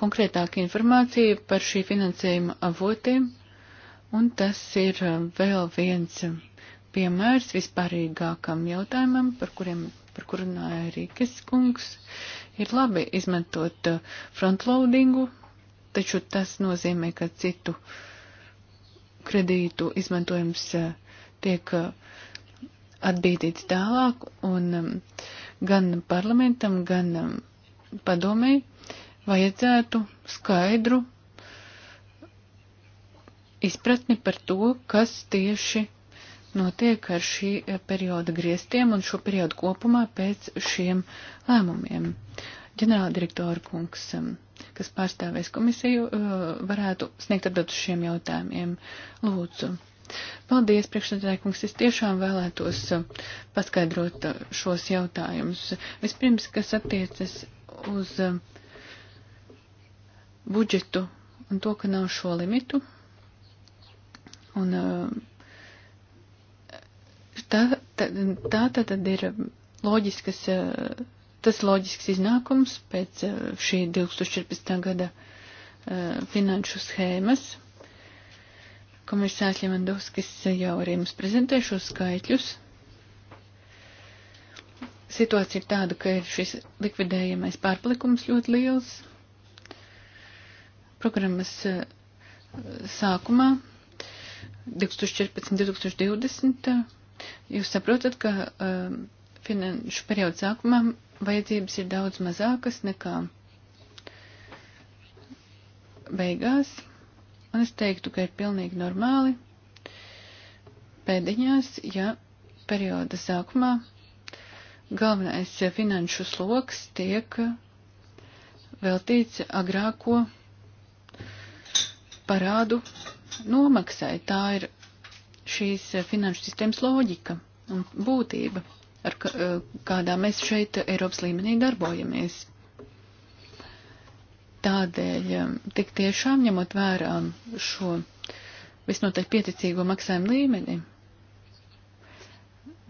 konkrētāka informācija par šī finansējuma avotiem? Un tas ir uh, vēl viens uh, piemērs vispārīgākam jautājumam, par, kuriem, par kur runāja Rīgas kungs. Ir labi izmantot uh, frontloadingu, taču tas nozīmē, ka citu uh, kredītu izmantojums eh, tiek eh, atbīdīts tālāk, un mm, gan parlamentam, gan mm, padomēji vajadzētu skaidru izpratni par to, kas tieši notiek ar šī eh, perioda griestiem un šo periodu kopumā pēc šiem lēmumiem. Ģenerāldirektora kungs. Mm, kas pārstāvēs komisiju, uh, varētu sniegt atbildu šiem jautājumiem. Lūdzu. Paldies, priekšsēdētājkungs. Es tiešām vēlētos uh, paskaidrot uh, šos jautājumus. Vispirms, kas attiecas uz budžetu un to, ka nav šo limitu. Un tā, tā, tā tad ir loģiskas tas loģisks iznākums pēc eh, šī 2014. gada eh, finanšu schēmas. Komisārs Ļevandovskis jau arī mums prezentē šos skaitļus. Situācija ir tāda, ka ir šis likvidējamais pārpalikums ļoti liels. Programmas eh, sākumā 2014-2020 jūs saprotat, ka finanšu periodu sākumā vajadzības ir daudz mazākas nekā beigās, un es teiktu, ka ir pilnīgi normāli pēdiņās, ja perioda sākumā galvenais finanšu sloks tiek veltīts agrāko parādu nomaksai. Tā ir šīs finanšu sistēmas loģika un būtība ar eh, kādā mēs šeit Eiropas līmenī darbojamies. Tādēļ eh, tik tiešām ņemot vērā šo visnotaļ pieticīgo maksājumu līmeni,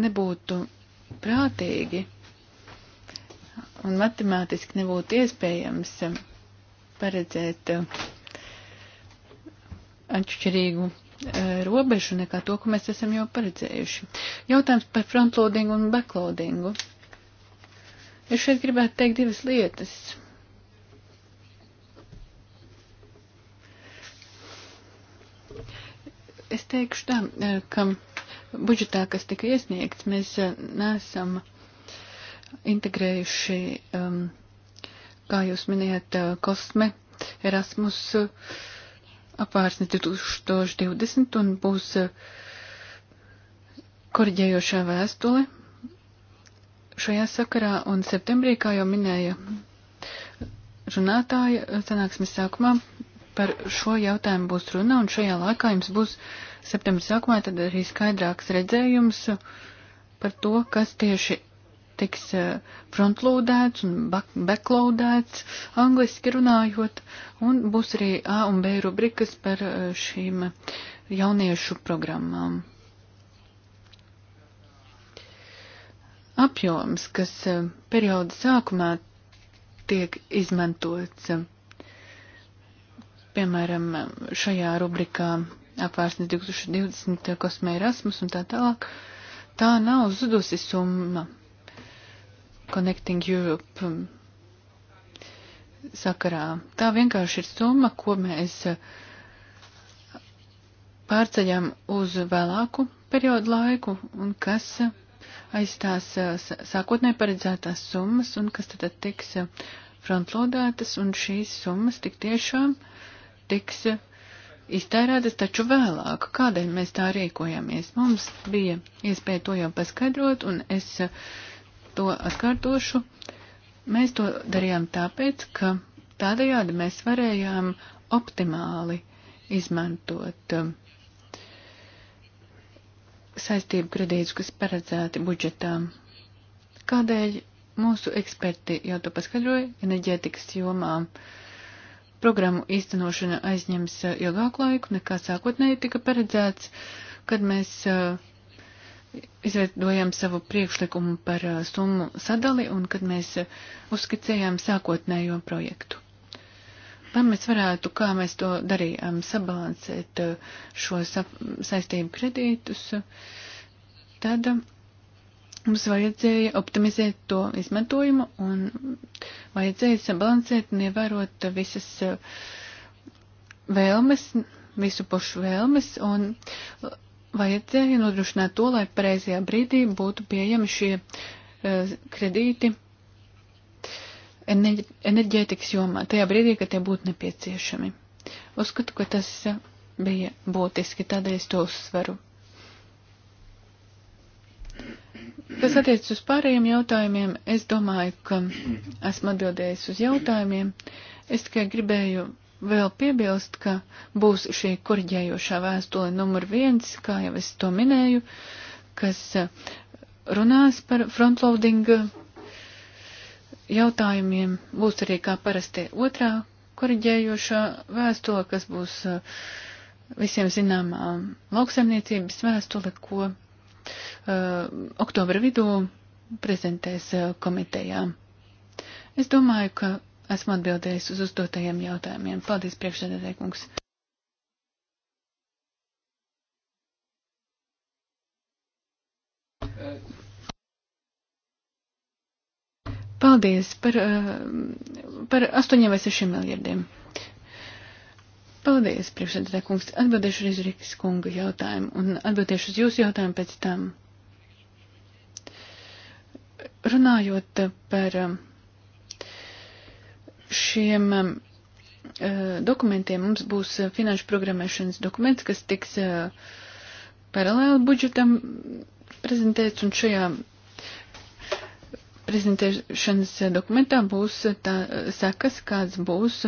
nebūtu prātīgi un matemātiski nebūtu iespējams paredzēt eh, atšķirīgu E, robežu nekā to, ko mēs esam jau paredzējuši. Jautājums par frontloadingu un backloadingu. Es šeit gribētu teikt divas lietas. Es teikšu tā, e, ka budžetā, kas tika iesniegts, mēs e, nesam integrējuši, um, kā jūs minējat, kosme, Erasmus. Uh, apārsni 2020 un būs eh, koriģējošā vēstule šajā sakarā un septembrī, kā jau minēja runātāja sanāksmes sākumā, par šo jautājumu būs runa un šajā laikā jums būs septembra sākumā tad arī skaidrāks redzējums par to, kas tieši tiks eh, frontloadēts un backloadēts, angliski runājot, un būs arī A un B rubrikas par eh, šīm jauniešu programmām. Apjoms, kas eh, perioda sākumā tiek izmantots, piemēram, šajā rubrikā apvērsnes 2020 kosmē Erasmus un tā tālāk, tā nav zudusi summa Connecting Europe um, sakarā. Tā vienkārši ir summa, ko mēs uh, pārceļam uz vēlāku periodu laiku un kas uh, aizstās uh, sākotnē paredzētās summas un kas tad tiks frontlodētas un šīs summas tik tiešām tiks iztērētas taču vēlāk. Kādēļ mēs tā rīkojamies? Mums bija iespēja to jau paskaidrot un es to atkārtošu. Mēs to darījām tāpēc, ka tādējādi mēs varējām optimāli izmantot um, saistību kredītus, kas paredzēti budžetām. Kādēļ mūsu eksperti jau to paskaidroja, enerģētikas jomā programmu īstenošana aizņems uh, ilgāku laiku nekā sākotnēji tika paredzēts, kad mēs uh, izveidojām savu priekšlikumu par summu sadali un kad mēs uzskicējām sākotnējo projektu. Lai mēs varētu, kā mēs to darījām, sabalansēt šo saistību kredītus, tad mums vajadzēja optimizēt to izmantojumu un vajadzēja sabalansēt un ievērot visas vēlmes, visu pušu vēlmes un vajadzēja nodrošināt to, lai pareizajā brīdī būtu pieejami šie uh, kredīti enerģi enerģētikas jomā, tajā brīdī, kad tie būtu nepieciešami. Uzskatu, ka tas bija būtiski, tādēļ es to uzsveru. Kas attiecas uz pārējiem jautājumiem, es domāju, ka esmu atbildējis uz jautājumiem. Es tikai gribēju vēl piebilst, ka būs šī korģējošā vēstule numur viens, kā jau es to minēju, kas eh, runās par frontloading jautājumiem. Būs arī kā parasti otrā korģējošā vēstule, kas būs eh, visiem zināmā lauksaimniecības vēstule, ko uh, oktobra vidū prezentēs komitejām. Es domāju, ka esmu atbildējis uz uzdotajiem jautājumiem. Paldies, priekšsēdētāj kungs. Paldies par, eh, par 8 vai 6 miljardiem. Paldies, priekšsēdētāj kungs. Atbildēšu uz Rikas kunga jautājumu un atbildēšu uz jūsu jautājumu pēc tam. Runājot par. Um, šiem um, uh, dokumentiem mums būs uh, finanšu programmēšanas dokuments, kas tiks uh, paralēli budžetam prezentēts, un šajā prezentēšanas dokumentā būs tā sekas, kāds būs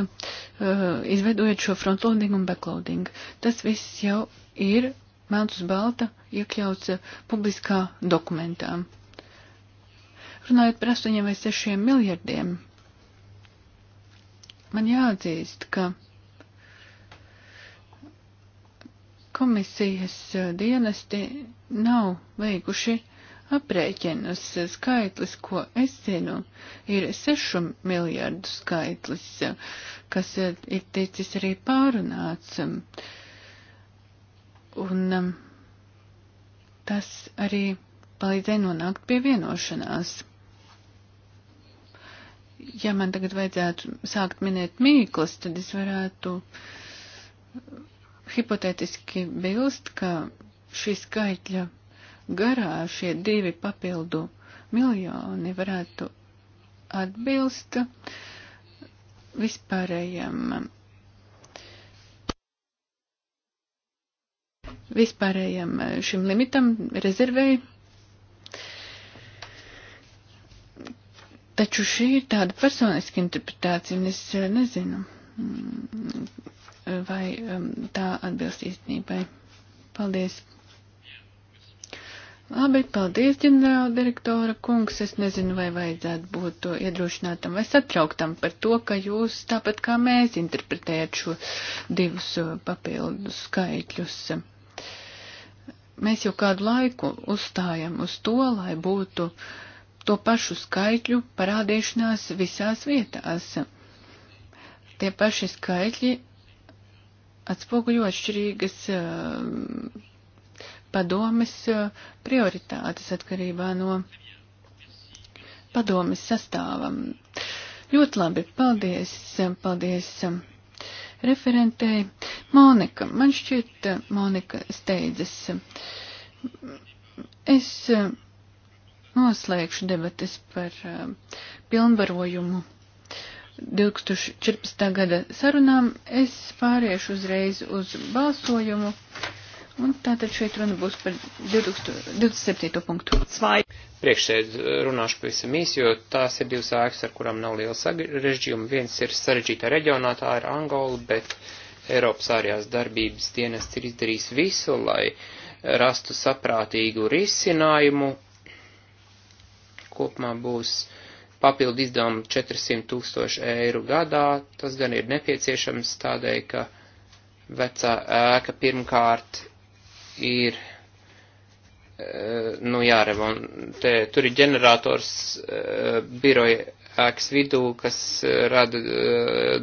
izveidojot šo frontloading un backloading. Tas viss jau ir melns uz balta iekļauts publiskā dokumentā. Runājot par 8 vai 6 miljardiem man jāatzīst, ka komisijas eh, dienesti nav veikuši aprēķinus. Skaitlis, ko es zinu, ir 6 miljardu skaitlis, kas eh, ir ticis arī pārunāts. Un eh, tas arī palīdzēja nonākt pie vienošanās ja man tagad vajadzētu sākt minēt mīklas, tad es varētu hipotētiski bilst, ka šī skaitļa garā šie divi papildu miljoni varētu atbilst vispārējiem, vispārējiem šim limitam rezervēju Taču šī ir tāda personiska interpretācija, un es eh, nezinu, mm, vai mm, tā atbilst īstenībai. Paldies! Labi, paldies, ģenerāla direktora kungs. Es nezinu, vai vajadzētu būt to iedrošinātam vai satrauktam par to, ka jūs tāpat kā mēs interpretējat šo divus eh, papildus skaitļus. Mēs jau kādu laiku uzstājam uz to, lai būtu uh, to pašu skaitļu parādīšanās visās vietās. Tie paši skaitļi atspoguļo atšķirīgas eh, padomes eh, prioritātes atkarībā no padomes sastāvam. Ļoti labi, paldies, paldies referentei. Monika, man šķiet, Monika steidzas. Es eh, noslēgšu debatas par eh, pilnvarojumu 2014. gada sarunām. Es pāriešu uzreiz uz balsojumu. Un tātad šeit runa būs par 2000, 27. punktu. Svai. Priekšsēd eh, runāšu pavisam īsi, jo tās ir divas ēkas, ar kurām nav liela sarežģījuma. Viens ir sarežģīta reģionā, tā ir Angola, bet Eiropas ārējās darbības dienests ir izdarījis visu, lai rastu saprātīgu risinājumu kopumā būs papildu izdevumi 400 tūkstoši eiro gadā. Tas gan ir nepieciešams tādēļ, ka vecā ēka pirmkārt ir, eh, nu jāremontē, tur ir ģenerators eh, biroja ēkas vidū, kas eh, rada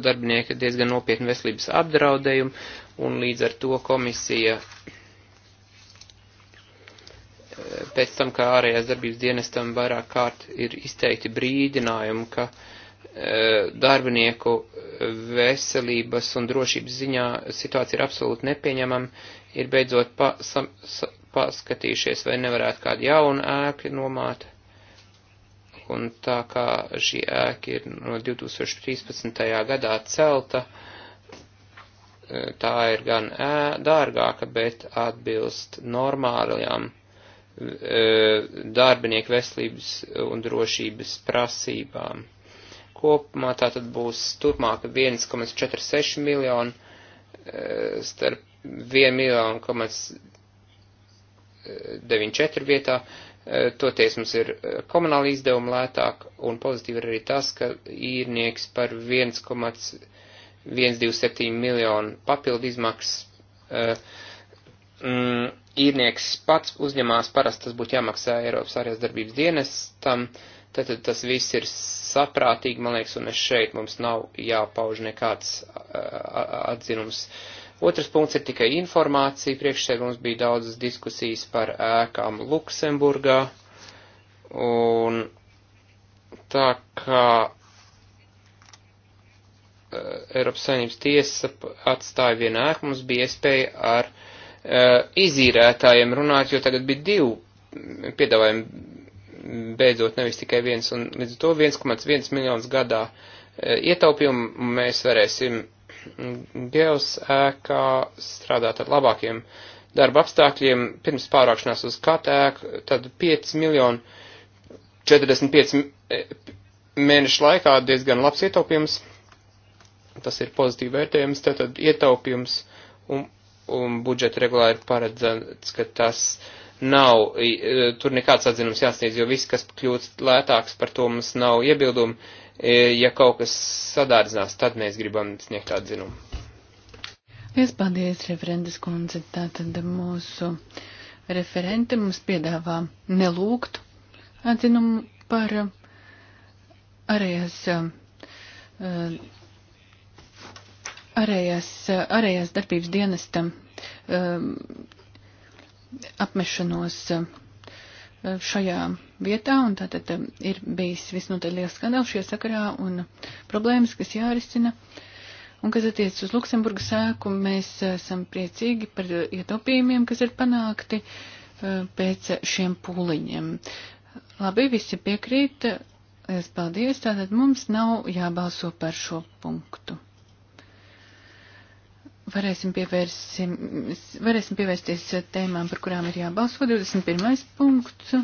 darbinieka diezgan nopietnu veselības apdraudējumu, un līdz ar to komisija pēc tam, kā ārējās darbības dienestam vairāk kārt ir izteikti brīdinājumi, ka e, darbinieku veselības un drošības ziņā situācija ir absolūti nepieņemama, ir beidzot pa, sam, sa, paskatījušies, vai nevarētu kādu jaunu ēku nomāt. Un tā kā šī ēka ir no 2013. gadā celta, e, tā ir gan ē, e, dārgāka, bet atbilst normālajām uh, E, darbinieku veselības un drošības prasībām. Kopumā tā tad būs turpmāk 1,46 e, miljonu starp 1 miljonu, 94 vietā. E, toties mums ir komunāli izdevumi lētāk, un pozitīvi ir arī tas, ka īrnieks par 1,127 miljonu papildu izmaksas mm, īrnieks pats uzņemās, parasti tas būtu jāmaksā Eiropas ārējās darbības dienestam, tad, tad tas viss ir saprātīgi, man liekas, un es šeit mums nav jāpauž nekāds atzinums. Otrs punkts ir tikai informācija. Priekšsēd mums bija daudzas diskusijas par ēkām Luksemburgā, un tā kā e, Eiropas saimnības tiesa atstāja vienu ēku, mums bija iespēja ar uh, Eh, izīrētājiem runāt, jo tagad bija divi piedāvājumi beidzot, nevis tikai viens, un līdz to 1,1 miljonus gadā eh, ietaupījumu mēs varēsim Geos ēkā strādāt ar labākiem darba apstākļiem, pirms pārākšanās uz katu ēku, tad 5 miljonu 45 mēnešu laikā diezgan labs ietaupījums, tas ir pozitīvi vērtējums, tātad ietaupījums un un budžeta regulā ir paredzēts, ka tas nav, e, tur nekāds atzinums jāsniedz, jo viss, kas kļūst lētāks, par to mums nav iebildumi. E, ja kaut kas sadārdzinās, tad mēs gribam sniegt atzinumu. Lies paldies, referendes kundze. Tātad mūsu referente mums piedāvā nelūgt atzinumu par arējas uh, e, arējās, arējās darbības dienestam um, apmešanos um, šajā vietā, un tātad um, ir bijis visnotaļ liels skandāls šajā sakarā un problēmas, kas jārisina. Un kas attiec uz Luksemburgu sēku, mēs uh, esam priecīgi par uh, ietaupījumiem, kas ir panākti uh, pēc šiem pūliņiem. Labi, visi piekrīt. Es paldies, tātad mums nav jābalso par šo punktu varēsim, varēsim pievērsties tēmām, par kurām ir jābalso. 21. punkts.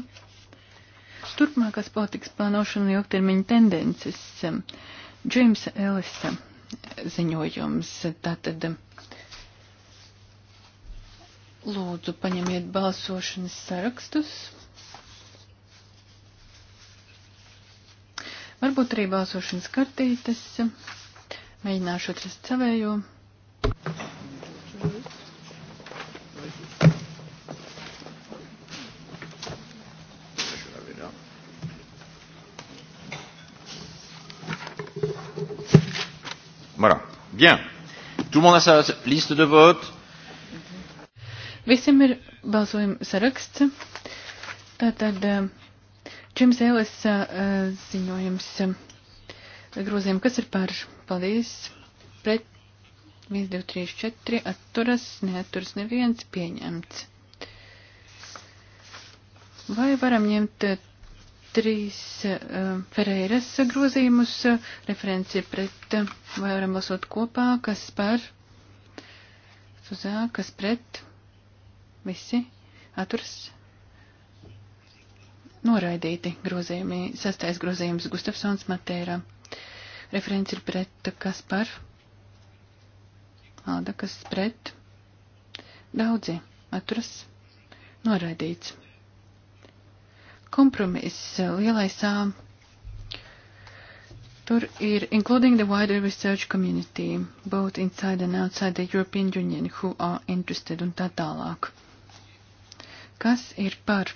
Turpmākās politikas plānošana un ilgtermiņa tendences. Džeims Ellisa ziņojums. Tātad lūdzu paņemiet balsošanas sarakstus. Varbūt arī balsošanas kartītes. Mēģināšu atrast savējo. Bien. Tout le monde a sa liste de vote. Visiem ir balsojuma saraksts. Tātad Džims Eilis ziņojums grozījuma, kas ir par paldies pret 1, 2, 3, 4, atturas, neatturas neviens, pieņemts. Vai varam ņemt trīs uh, Ferreiras grozījumus, uh, referenci pret, uh, vai varam balsot kopā, kas par, Suzā, kas pret, visi, aturs, noraidīti grozījumi, sastais grozījums Gustafsons Matēra, referenci ir pret, kas par, Alda, kas pret, daudzi, aturs, noraidīts. Kompromiss lielais A. Tur ir including the wider research community, both inside and outside the European Union, who are interested un tā tālāk. Kas ir par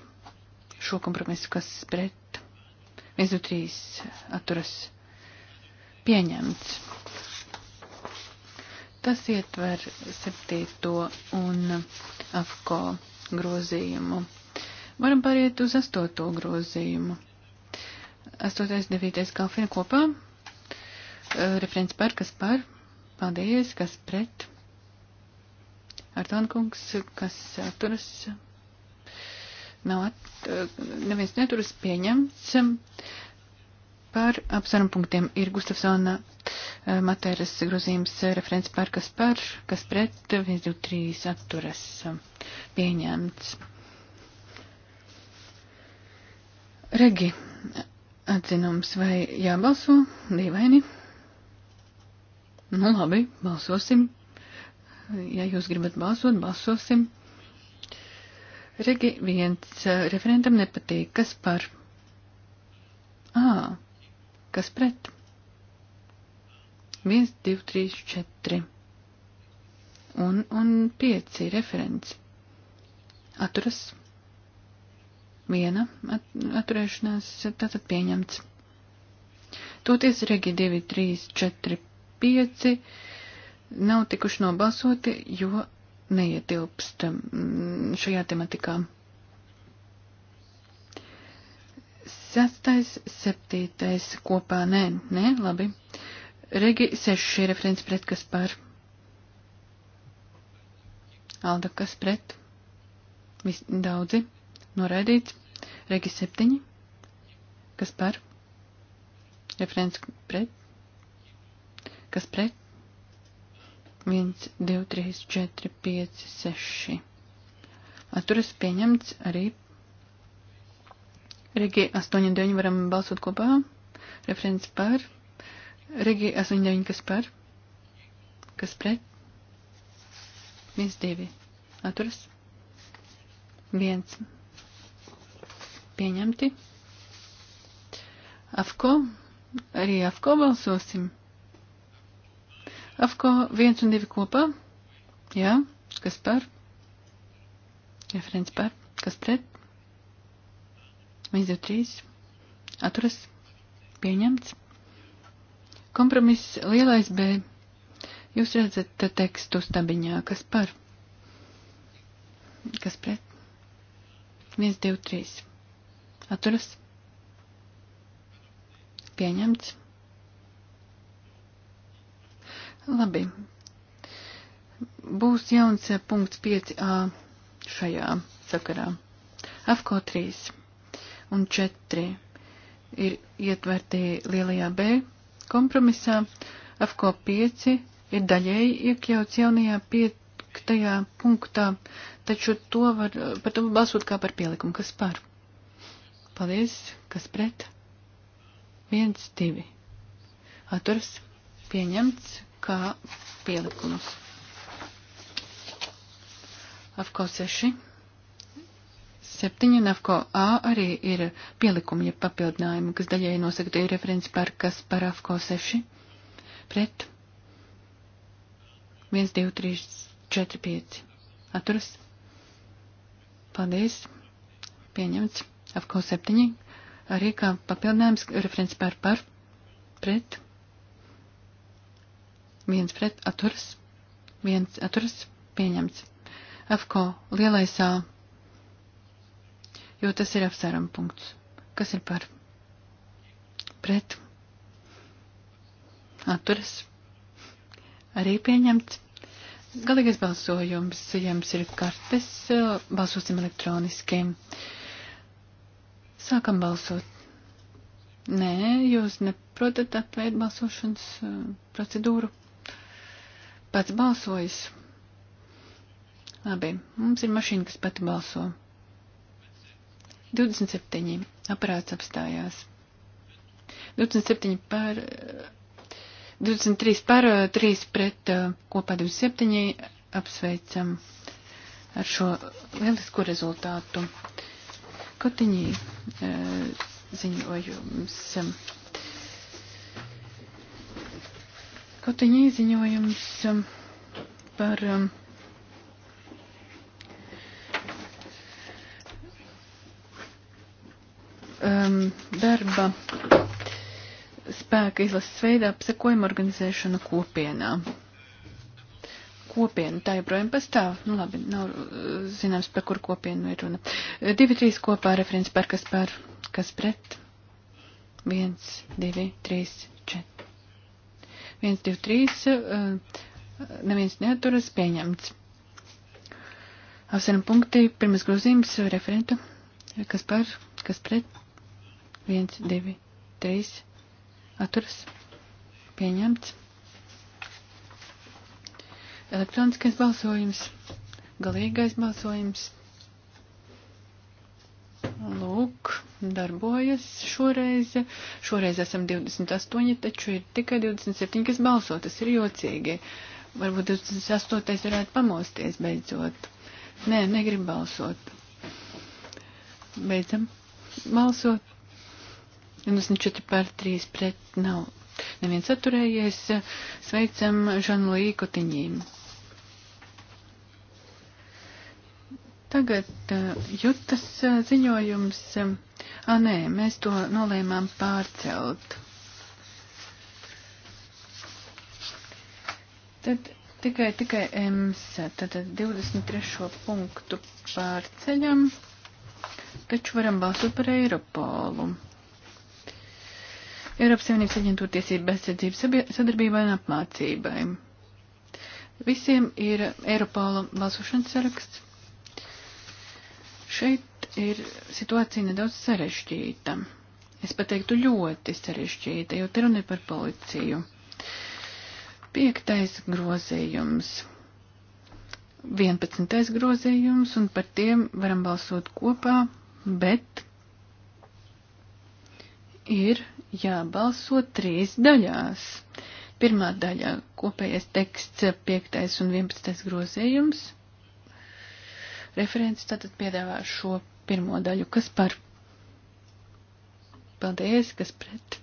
šo kompromisu, kas pret? 1, 2, 3 atturas pieņemts. Tas ietver septīto un afko grozījumu. Varam pāriet uz astoto grozījumu. Astotais, devītais kalfina kopā. Referents par, kas par. Paldies, kas pret. Artonkungs, kas atturas. Nav at, neviens neturas pieņemts. Par apsvarumu punktiem ir Gustafsona Matēras grozījums referents par, kas par, kas pret, 1, 2, 3 atturas pieņemts. Regi, atzinums vai jābalso? Dīvaini. Nu labi, balsosim. Ja jūs gribat balsot, balsosim. Regi viens eh, referentam nepatīk. Kas par? Ā, kas pret? 1, 2, 3, 4 un, un 5 referents. Atturas viena atturēšanās tātad pieņemts. Toties regi 2, 3, 4, 5 nav tikuši nobalsoti, jo neietilpst mm, šajā tematikā. Sastais, septītais kopā, nē, nē, labi. Regi 6 ir referents pret kas par. Alda kas pret. Vis, daudzi noraidīts. Regi 7, kas par, referents pret, kas pret, 1, 2, 3, 4, 5, 6. Atturas pieņemts arī. Regi 8, 9 varam balsot kopā. Referents par. Regi 8, 9, kas par, kas pret, 1, 2. Atturas. 1 pieņemti. Afko, arī Afko balsosim. Afko 1 un 2 kopā. Jā, kas par? Referents par. Kas pret? 1, 2, 3. Atturas. Pieņemts. Kompromiss lielais B. Jūs redzat tekstu stabiņā. Kas par? Kas pret? 1, 2, 3 atturas pieņemts. Labi. Būs jauns eh, punkts 5a šajā sakarā. AFCO 3 un 4 ir ietverti lielajā B kompromisā. AFCO 5 ir daļēji iekļauts jaunajā 5. punktā, taču to var, par to balsot kā par pielikumu, kas par Paldies, kas pret? Viens, divi. Atturas pieņemts kā pielikums. Afko 6, 7 un Afko A arī ir pielikumi, ja papildinājumi, kas daļai nosaka, ir referents par kas par Afko 6. Pret 1, 2, 3, 4, 5. Atturas. Paldies. Pieņemts. Afko 7 arī kā papildinājums referents par par pret. Viens pret atturas, viens atturas pieņemts. Afko lielais A, jo tas ir apsvērum punkts. Kas ir par pret? Atturas arī pieņemts. Galīgais balsojums, ja jums ir kartes, balsosim elektroniski. Uh, Sākam balsot. Nē, jūs neprotat atvērt balsošanas uh, procedūru. Pats balsojas. Labi, mums ir mašīna, kas pati balso. 27. Aparāts apstājās. 27 par 23 uh, par 3 uh, pret kopā 27 apsveicam ar šo lielisko rezultātu. Kotiņī e, ziņojums. E, Kotiņī ziņojums e, par um, darba spēka izlases veidā apsekojuma organizēšanu kopienām kopiena, tā joprojām pastāv. Nu, labi, nav eh, zināms, par kur kopienu ir runa. Eh, divi, trīs kopā referents par kas par, kas pret. Viens, divi, trīs, četri. Viens, divi, trīs. Eh, neviens neaturas pieņemts. Apsveram punkti. Pirmais grozījums referentu. Kas par, kas pret. Viens, divi, trīs. Atturas. Pieņemts. Elektroniskais balsojums, galīgais balsojums. Lūk, darbojas šoreiz. Šoreiz esam 28, taču ir tikai 27, kas balso. Tas ir jocīgi. Varbūt 28. varētu pamosties beidzot. Nē, negrib balsot. Beidzam balsot. 24 pār 3 pret nav. Neviens atturējies. Sveicam Žanlu Īkotiņīmu. Tagad jutas ziņojums. Ā, nē, mēs to nolēmām pārcelt. Tad tikai, tikai Ms. Tad 23. punktu pārceļam, taču varam balsot par Eiropolu. Eiropas Savienības aģentūra tiesība aizsardzības sadarbībai un apmācībai. Visiem ir Eiropola balsošanas saraksts. Šeit ir situācija nedaudz sarežģīta. Es pateiktu ļoti sarežģīta, jo te runa ir par policiju. Piektais grozījums. 11. grozījums, un par tiem varam balsot kopā, bet ir jābalso trīs daļās. Pirmā daļa - kopējais teksts, 5. un 11. grozījums. Referents tātad piedāvā šo pirmo daļu. Kas par? Paldies, kas pret?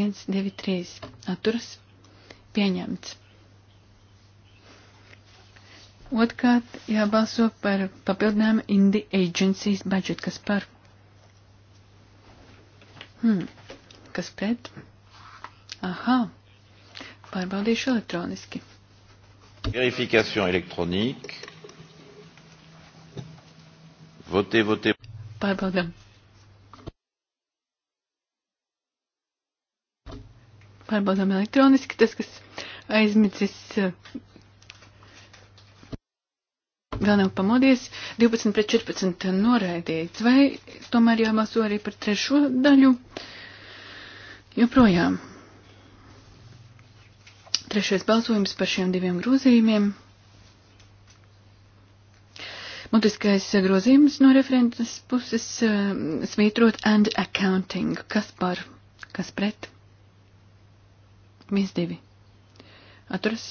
1, 2, 3. Atturas. Pieņemts. Otkārt jābalso par papildinājumu in the agency's budget. Kas par? Hmm. Kas pret? Aha. Pārbaudīšu elektroniski. Verifikācija elektronika. Votē, votē. Pārbaudam. Pārbaudām elektroniski tas, kas aizmicis euh, vēl nav pamodies, 12 pret 14 noraidīts, vai tomēr jābalso arī par trešo daļu joprojām. Trešais balsojums par šiem diviem grozījumiem. Mutiskais grozījums no referentes puses uh, svītrot and accounting. Kas par? Kas pret? Mēs divi. Atturas.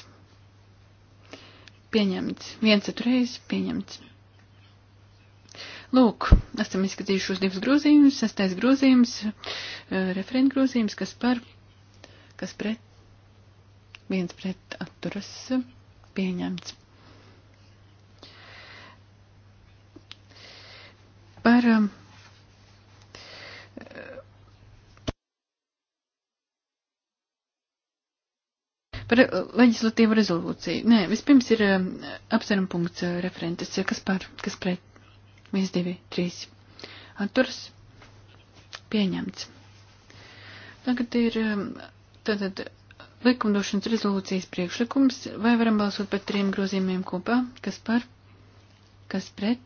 Pieņemts. Viens atreiz pieņemts. Lūk, esam izskatījuši šos divus grozījumus. Sastais grozījums, uh, eh, referenta grozījums, kas par, kas pret, viens pret atturas pieņemts. Par um, par leģislatīvu rezolūciju. Nē, vispirms ir um, apsveram punkts uh, referentes, kas par, kas pret. 1, 2, 3. Atturs pieņemts. Tagad ir um, tātad likumdošanas rezolūcijas priekšlikums, vai varam balsot par trim grozījumiem kopā, kas par, kas pret,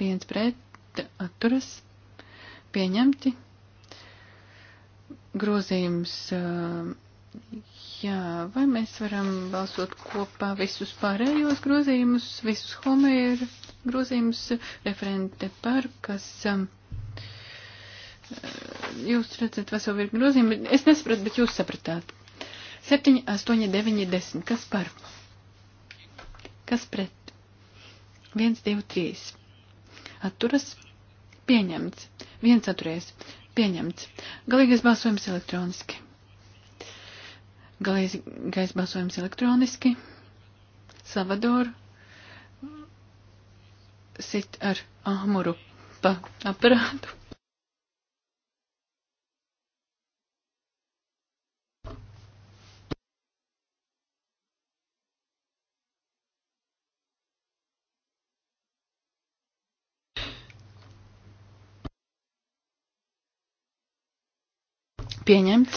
viens pret, atturas, pieņemti. Grozījums, jā, vai mēs varam balsot kopā visus pārējos grozījumus, visus homēru grozījumus, referente par, kas jūs redzat veselu virkni grozījumu, bet es nesapratu, bet jūs sapratāt. 7, 8, 9, 10. Kas par? Kas pret? 1, 2, 3. Atturas? Pieņemts. Viens atturēs. Pieņemts. Galīgais balsojums elektroniski. Galīgais balsojums elektroniski. Salvador sit ar āmuru pa aparātu. Pieņemts.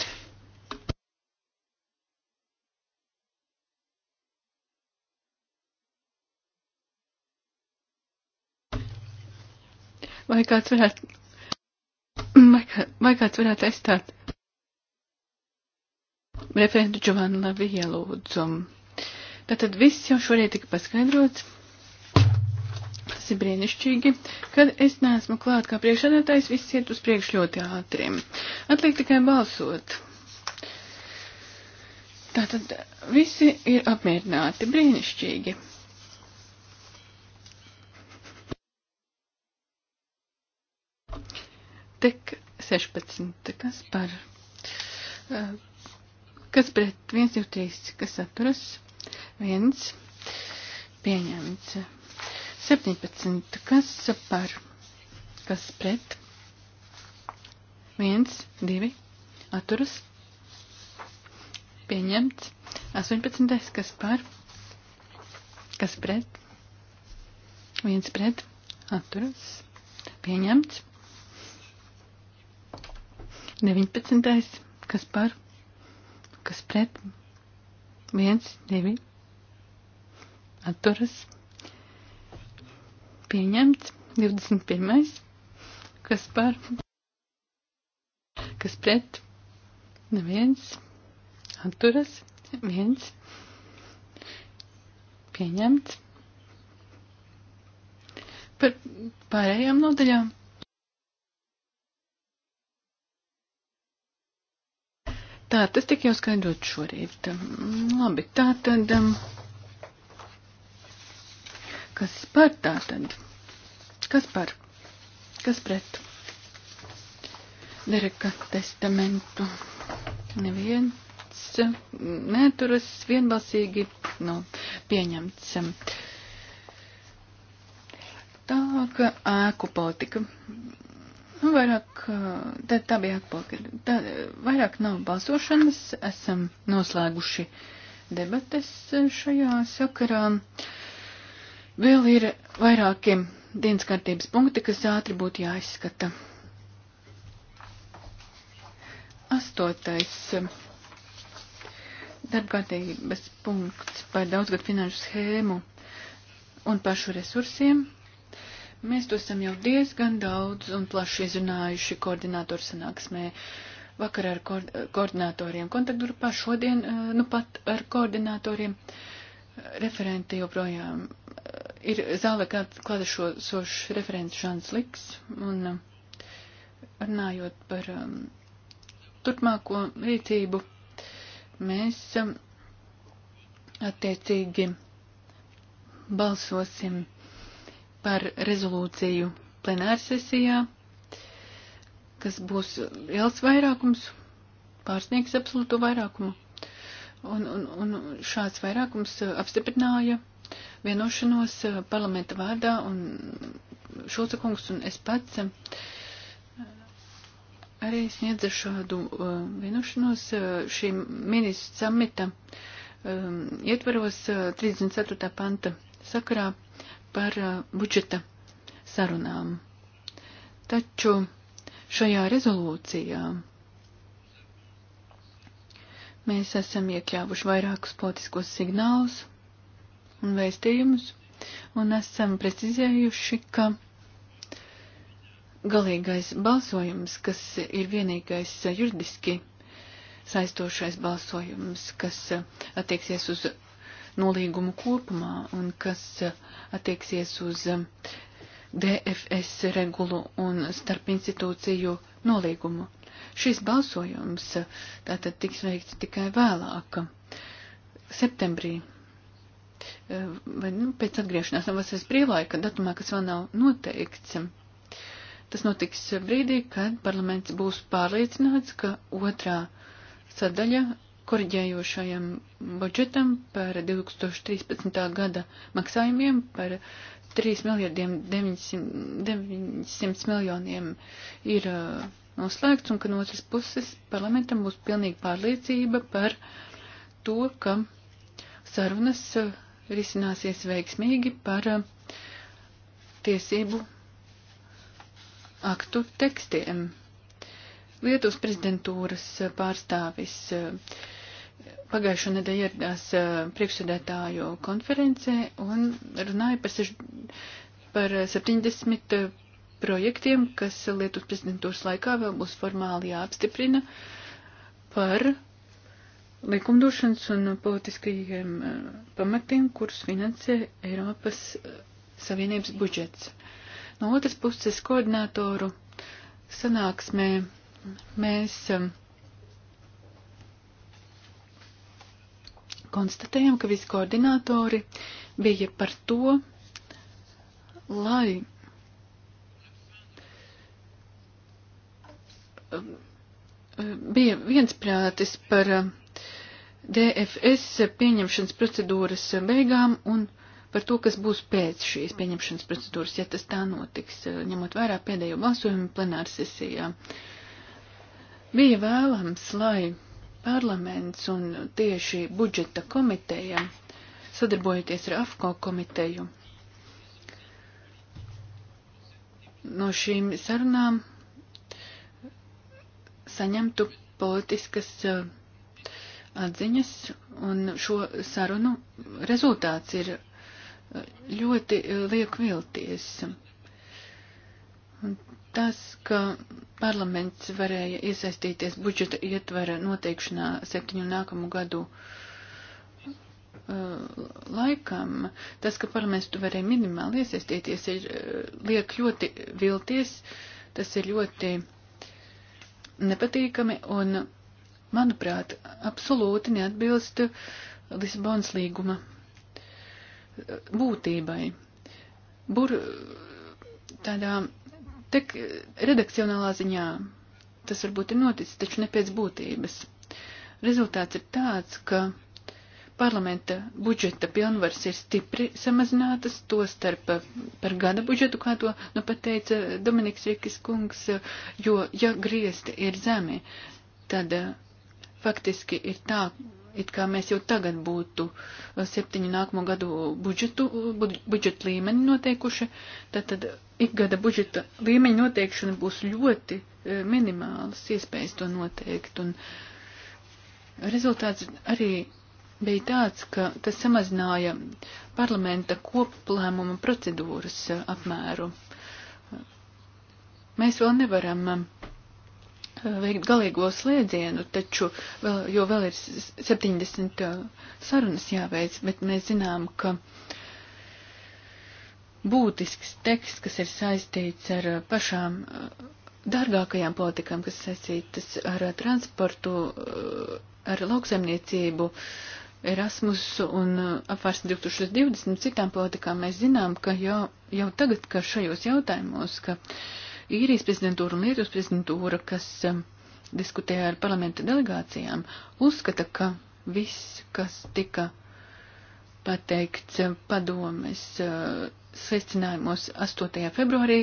Vai kāds varētu, vai, kā, vai kāds varētu aizstāt referentu Giovanna Lavija lūdzumu? Tātad viss jau šorīt tika paskaidrots tas ir brīnišķīgi. Kad es neesmu klāt kā priekšsēdētājs, viss iet uz priekšu ļoti ātri. Atliek tikai balsot. Tātad visi ir apmierināti, brīnišķīgi. Tek 16, kas par, eh, kas pret 1, 2, 3, kas atturas, 1, pieņemts. 17. Kas par? Kas pret? 1, 2, atturas. Pieņemts. 18. Kas par? Kas pret? 1 pret, atturas. Pieņemts. 19. Kas par? Kas pret? 1, 2, atturas pieņemts. 21. Kas par? Kas pret? Neviens. Atturas. Viens. Pieņemts. Par pārējām nodaļām. Tā, tas tika jau skaidrots šorīt. Labi, tā tad. Um, Kas par tā tad? Kas par? Kas pret? Dereka testamentu. Neviens neturas vienbalsīgi, nu, pieņemts. Tālāk ēku politika. Nu, vairāk, tā, tā bija ēku politika. Tā, vairāk nav balsošanas, esam noslēguši debates šajā sakarā. Uh, Vēl ir vairāki dienas kārtības punkti, kas ātri būtu jāizskata. Astotais darbkārtības punkts par daudzgad finanšu schēmu un pašu resursiem. Mēs to esam jau diezgan daudz un plaši izrunājuši koordinātoru sanāksmē vakar ar ko koordinātoriem kontaktgrupā, šodien eh, nu pat ar koordinātoriem. Referenti joprojām ir zālē klāta šo sošs referents Žants Liks, un um, runājot par um, turpmāko rīcību, mēs um, attiecīgi balsosim par rezolūciju plenārsesijā, kas būs liels vairākums, pārsniegs absolūto vairākumu. Un, un, un šāds vairākums uh, apstiprināja vienošanos eh, parlamenta vārdā un Šulca kungs un es pats eh, arī sniedza šādu eh, vienošanos šī ministru samita ietvaros 34. panta sakarā par budžeta sarunām. Taču šajā rezolūcijā mēs esam iekļāvuši vairākus politiskos signālus un vēstījumus, un esam precizējuši, ka galīgais balsojums, kas ir vienīgais juridiski saistošais balsojums, kas attieksies uz nolīgumu kopumā un kas attieksies uz DFS regulu un starp institūciju nolīgumu. Šis balsojums tātad tiks veikts tikai vēlāk, septembrī Eh, vai nu, pēc atgriešanās no vasaras brīvlaika datumā, kas vēl nav noteikts. Tas notiks brīdī, kad parlaments būs pārliecināts, ka otrā sadaļa koriģējošajam budžetam par 2013. gada maksājumiem par 3 miljardiem 900, 900 miljoniem ir eh, noslēgts un ka no otras puses parlamentam būs pilnīga pārliecība par to, ka sarunas eh, risināsies veiksmīgi par uh, tiesību aktu tekstiem. Lietuvas prezidentūras uh, pārstāvis uh, pagājušo nedēļu ieradās priekšsēdētāju konferencē un runāja par, seš, par 70 projektiem, kas Lietuvas prezidentūras laikā vēl būs formāli jāapstiprina par likumdošanas un politiskajiem eh, pamatiem, kurus finansē Eiropas eh, Savienības budžets. No otras puses, koordinātoru sanāksmē mēs eh, konstatējam, ka visi koordinātori bija par to, lai bija viensprātis par DFS pieņemšanas procedūras beigām un par to, kas būs pēc šīs pieņemšanas procedūras, ja tas tā notiks, ņemot vērā pēdējo balsojumu plenāra sesijā. Bija vēlams, lai parlaments un tieši budžeta komiteja, sadarbojoties ar AFCO komiteju, no šīm sarunām saņemtu politiskas uh, atziņas, un šo sarunu rezultāts ir uh, ļoti uh, liek vilties. Un tas, ka parlaments varēja iesaistīties budžeta ietvara noteikšanā septiņu nākamu gadu uh, laikam, tas, ka parlaments tu varēja minimāli iesaistīties, ir liek ļoti vilties, tas ir ļoti nepatīkami un manuprāt, absolūti neatbilst Lisabonas līguma būtībai. Bur tādā tek, redakcionālā ziņā tas varbūt ir noticis, taču ne pēc būtības. Rezultāts ir tāds, ka parlamenta budžeta pilnvars ir stipri samazinātas, to starp par gada budžetu, kā to nu pateica Dominiks Rikis kungs, jo, ja griezti ir zemi, tad faktiski ir tā, it kā mēs jau tagad būtu uh, septiņu nākamo gadu budžetu, uh, budžetu līmeni noteikuši, tad, tad ikgada budžeta līmeņa noteikšana būs ļoti uh, minimālas iespējas to noteikt. Un rezultāts arī bija tāds, ka tas samazināja parlamenta koplēmuma procedūras apmēru. Mēs vēl nevaram um, veikt galīgo slēdzienu, taču vēl, jo vēl ir 70 sarunas jāveic, bet mēs zinām, ka būtisks teksts, kas ir saistīts ar pašām dārgākajām politikām, kas saistītas ar transportu, ar lauksaimniecību, Erasmus un apvārs 2020 citām politikām, mēs zinām, ka jau, jau tagad, ka šajos jautājumos, ka uh, īrijas prezidentūra un Lietuvas prezidentūra, kas um, diskutēja ar parlamenta delegācijām, uzskata, ka viss, kas tika pateikts uh, padomes uh, secinājumos 8. februārī,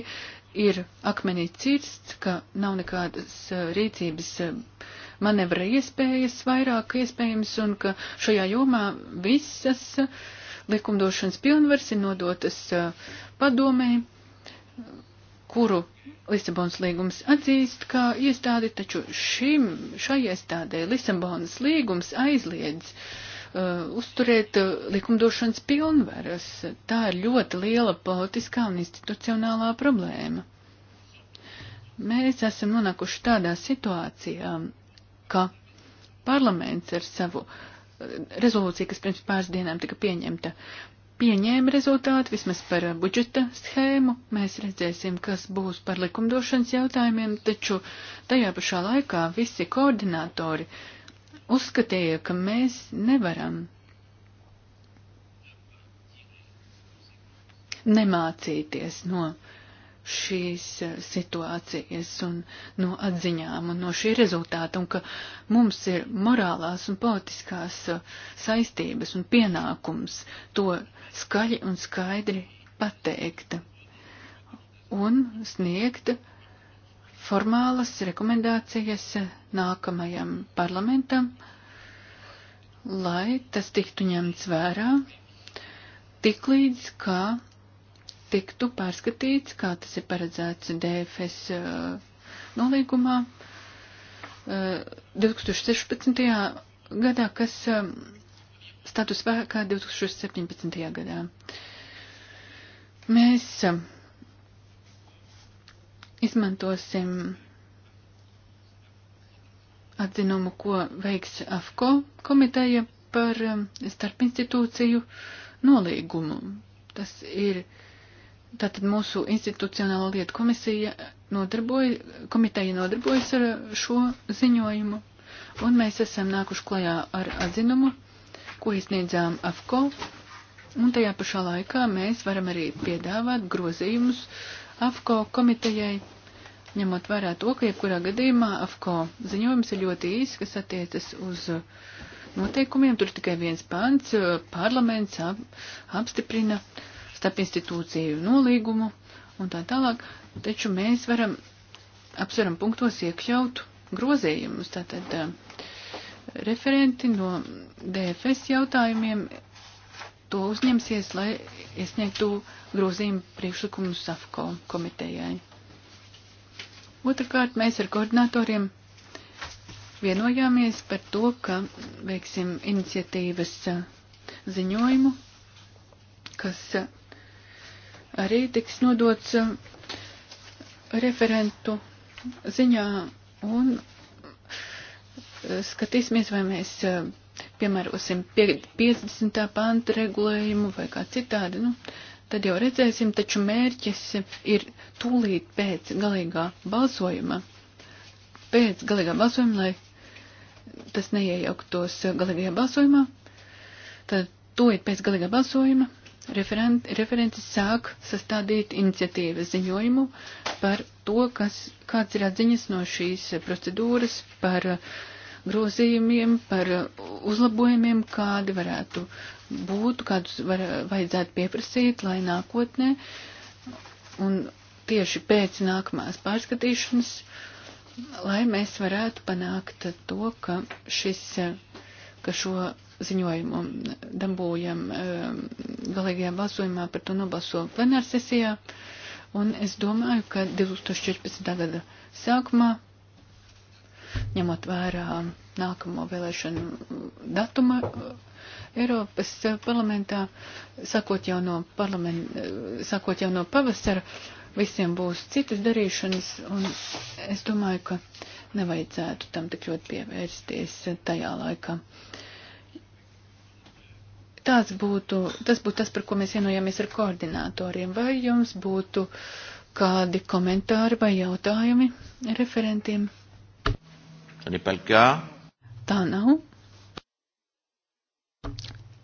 ir akmenī cirsts, ka nav nekādas uh, rīcības manevra iespējas vairāk iespējams un ka šajā jomā visas likumdošanas pilnvars ir nodotas padomē kuru Lisabonas līgums atzīst kā iestādi, taču šim, šai iestādē Lisabonas līgums aizliedz uh, uzturēt uh, likumdošanas pilnvaras. Tā ir ļoti liela politiskā un institucionālā problēma. Mēs esam nonākuši tādā situācijā, ka parlaments ar savu uh, rezolūciju, kas pirms pāris dienām tika pieņemta, pieņēma rezultātu vismaz par uh, budžeta schēmu. Mēs redzēsim, kas būs par likumdošanas jautājumiem, taču tajā pašā laikā visi koordinatori uzskatīja, ka mēs nevaram nemācīties no uh, šīs eh, situācijas un no atziņām un no šī rezultāta, un ka mums ir morālās un politiskās eh, saistības un pienākums to skaļi un skaidri pateikt un sniegt formālas rekomendācijas nākamajam parlamentam, lai tas tiktu ņemts vērā tiklīdz, kā tiktu pārskatīts, kā tas ir paredzēts DFS uh, nolīgumā 2016. Uh, gadā, kas um, status vēkā 2017. gadā. Mēs um, izmantosim atzinumu, ko veiks AFCO komiteja par um, starpinstitūciju nolīgumu. Tas ir uh, Tātad mūsu institucionālo lietu komisija nodarboja, komiteja nodarbojas ar šo ziņojumu, un mēs esam nākuši klajā ar atzinumu, ko izniedzām AFCO, un tajā pašā laikā mēs varam arī piedāvāt grozījumus AFCO komitejai, ņemot vērā to, ka jebkurā gadījumā AFCO ziņojums ir ļoti īss, kas attiecas uz noteikumiem, tur tikai viens pants, parlaments ap, apstiprina starp institūciju nolīgumu un tā tālāk, taču mēs varam apsveram punktos iekļaut grozējumus. Tātad referenti no DFS jautājumiem to uzņemsies, lai iesniegtu grozījumu priekšlikumu SAFCO komitejai. Otrakārt, mēs ar koordinatoriem vienojāmies par to, ka veiksim iniciatīvas ziņojumu, kas arī tiks nodots um, referentu ziņā un uh, skatīsimies, vai mēs um, piemērosim 50. panta regulējumu vai kā citādi. Nu, tad jau redzēsim, taču mērķis ir tūlīt pēc galīgā balsojuma, pēc galīgā balsojuma, lai tas neiejauktos galīgajā balsojumā, tad tūlīt pēc galīgā balsojuma Referent, referentis sāk sastādīt iniciatīvas ziņojumu par to, kas, kāds ir atziņas no šīs procedūras, par uh, grozījumiem, par uh, uzlabojumiem, kādi varētu būt, kādus var, vajadzētu pieprasīt, lai nākotnē un tieši pēc nākamās pārskatīšanas, lai mēs varētu panākt to, ka šis, ka šo ziņojumu dabūjam um, galīgajā balsojumā, par to nobalso plenārsesijā. Un es domāju, ka 2014. gada sākumā, ņemot vērā nākamo vēlēšanu datumu uh, Eiropas parlamentā, sakot jau no, parlament, uh, sakot jau no pavasara, visiem būs citas darīšanas, un es domāju, ka nevajadzētu tam tik ļoti pievērsties tajā laikā. Uh, Tāds būtu, tas būtu tas, par ko mēs vienojamies ar koordinatoriem. Vai jums būtu kādi komentāri vai jautājumi referentiem? Tā nav.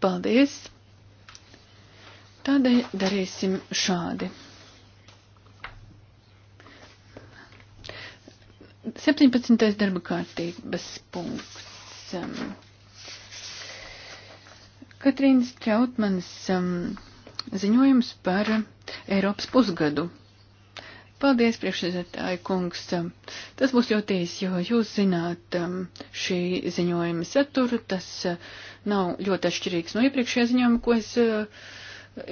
Paldies. Tādēļ darīsim šādi. 17. darba kārtības punkts. Katrīnas Trautmanas um, ziņojums par um, Eiropas pusgadu. Paldies, priekšsēdētāji kungs. Um, tas būs ļoti īsi, jo jūs zināt um, šī ziņojuma saturu. Tas uh, nav ļoti atšķirīgs no iepriekšējā ziņojuma, ko es uh,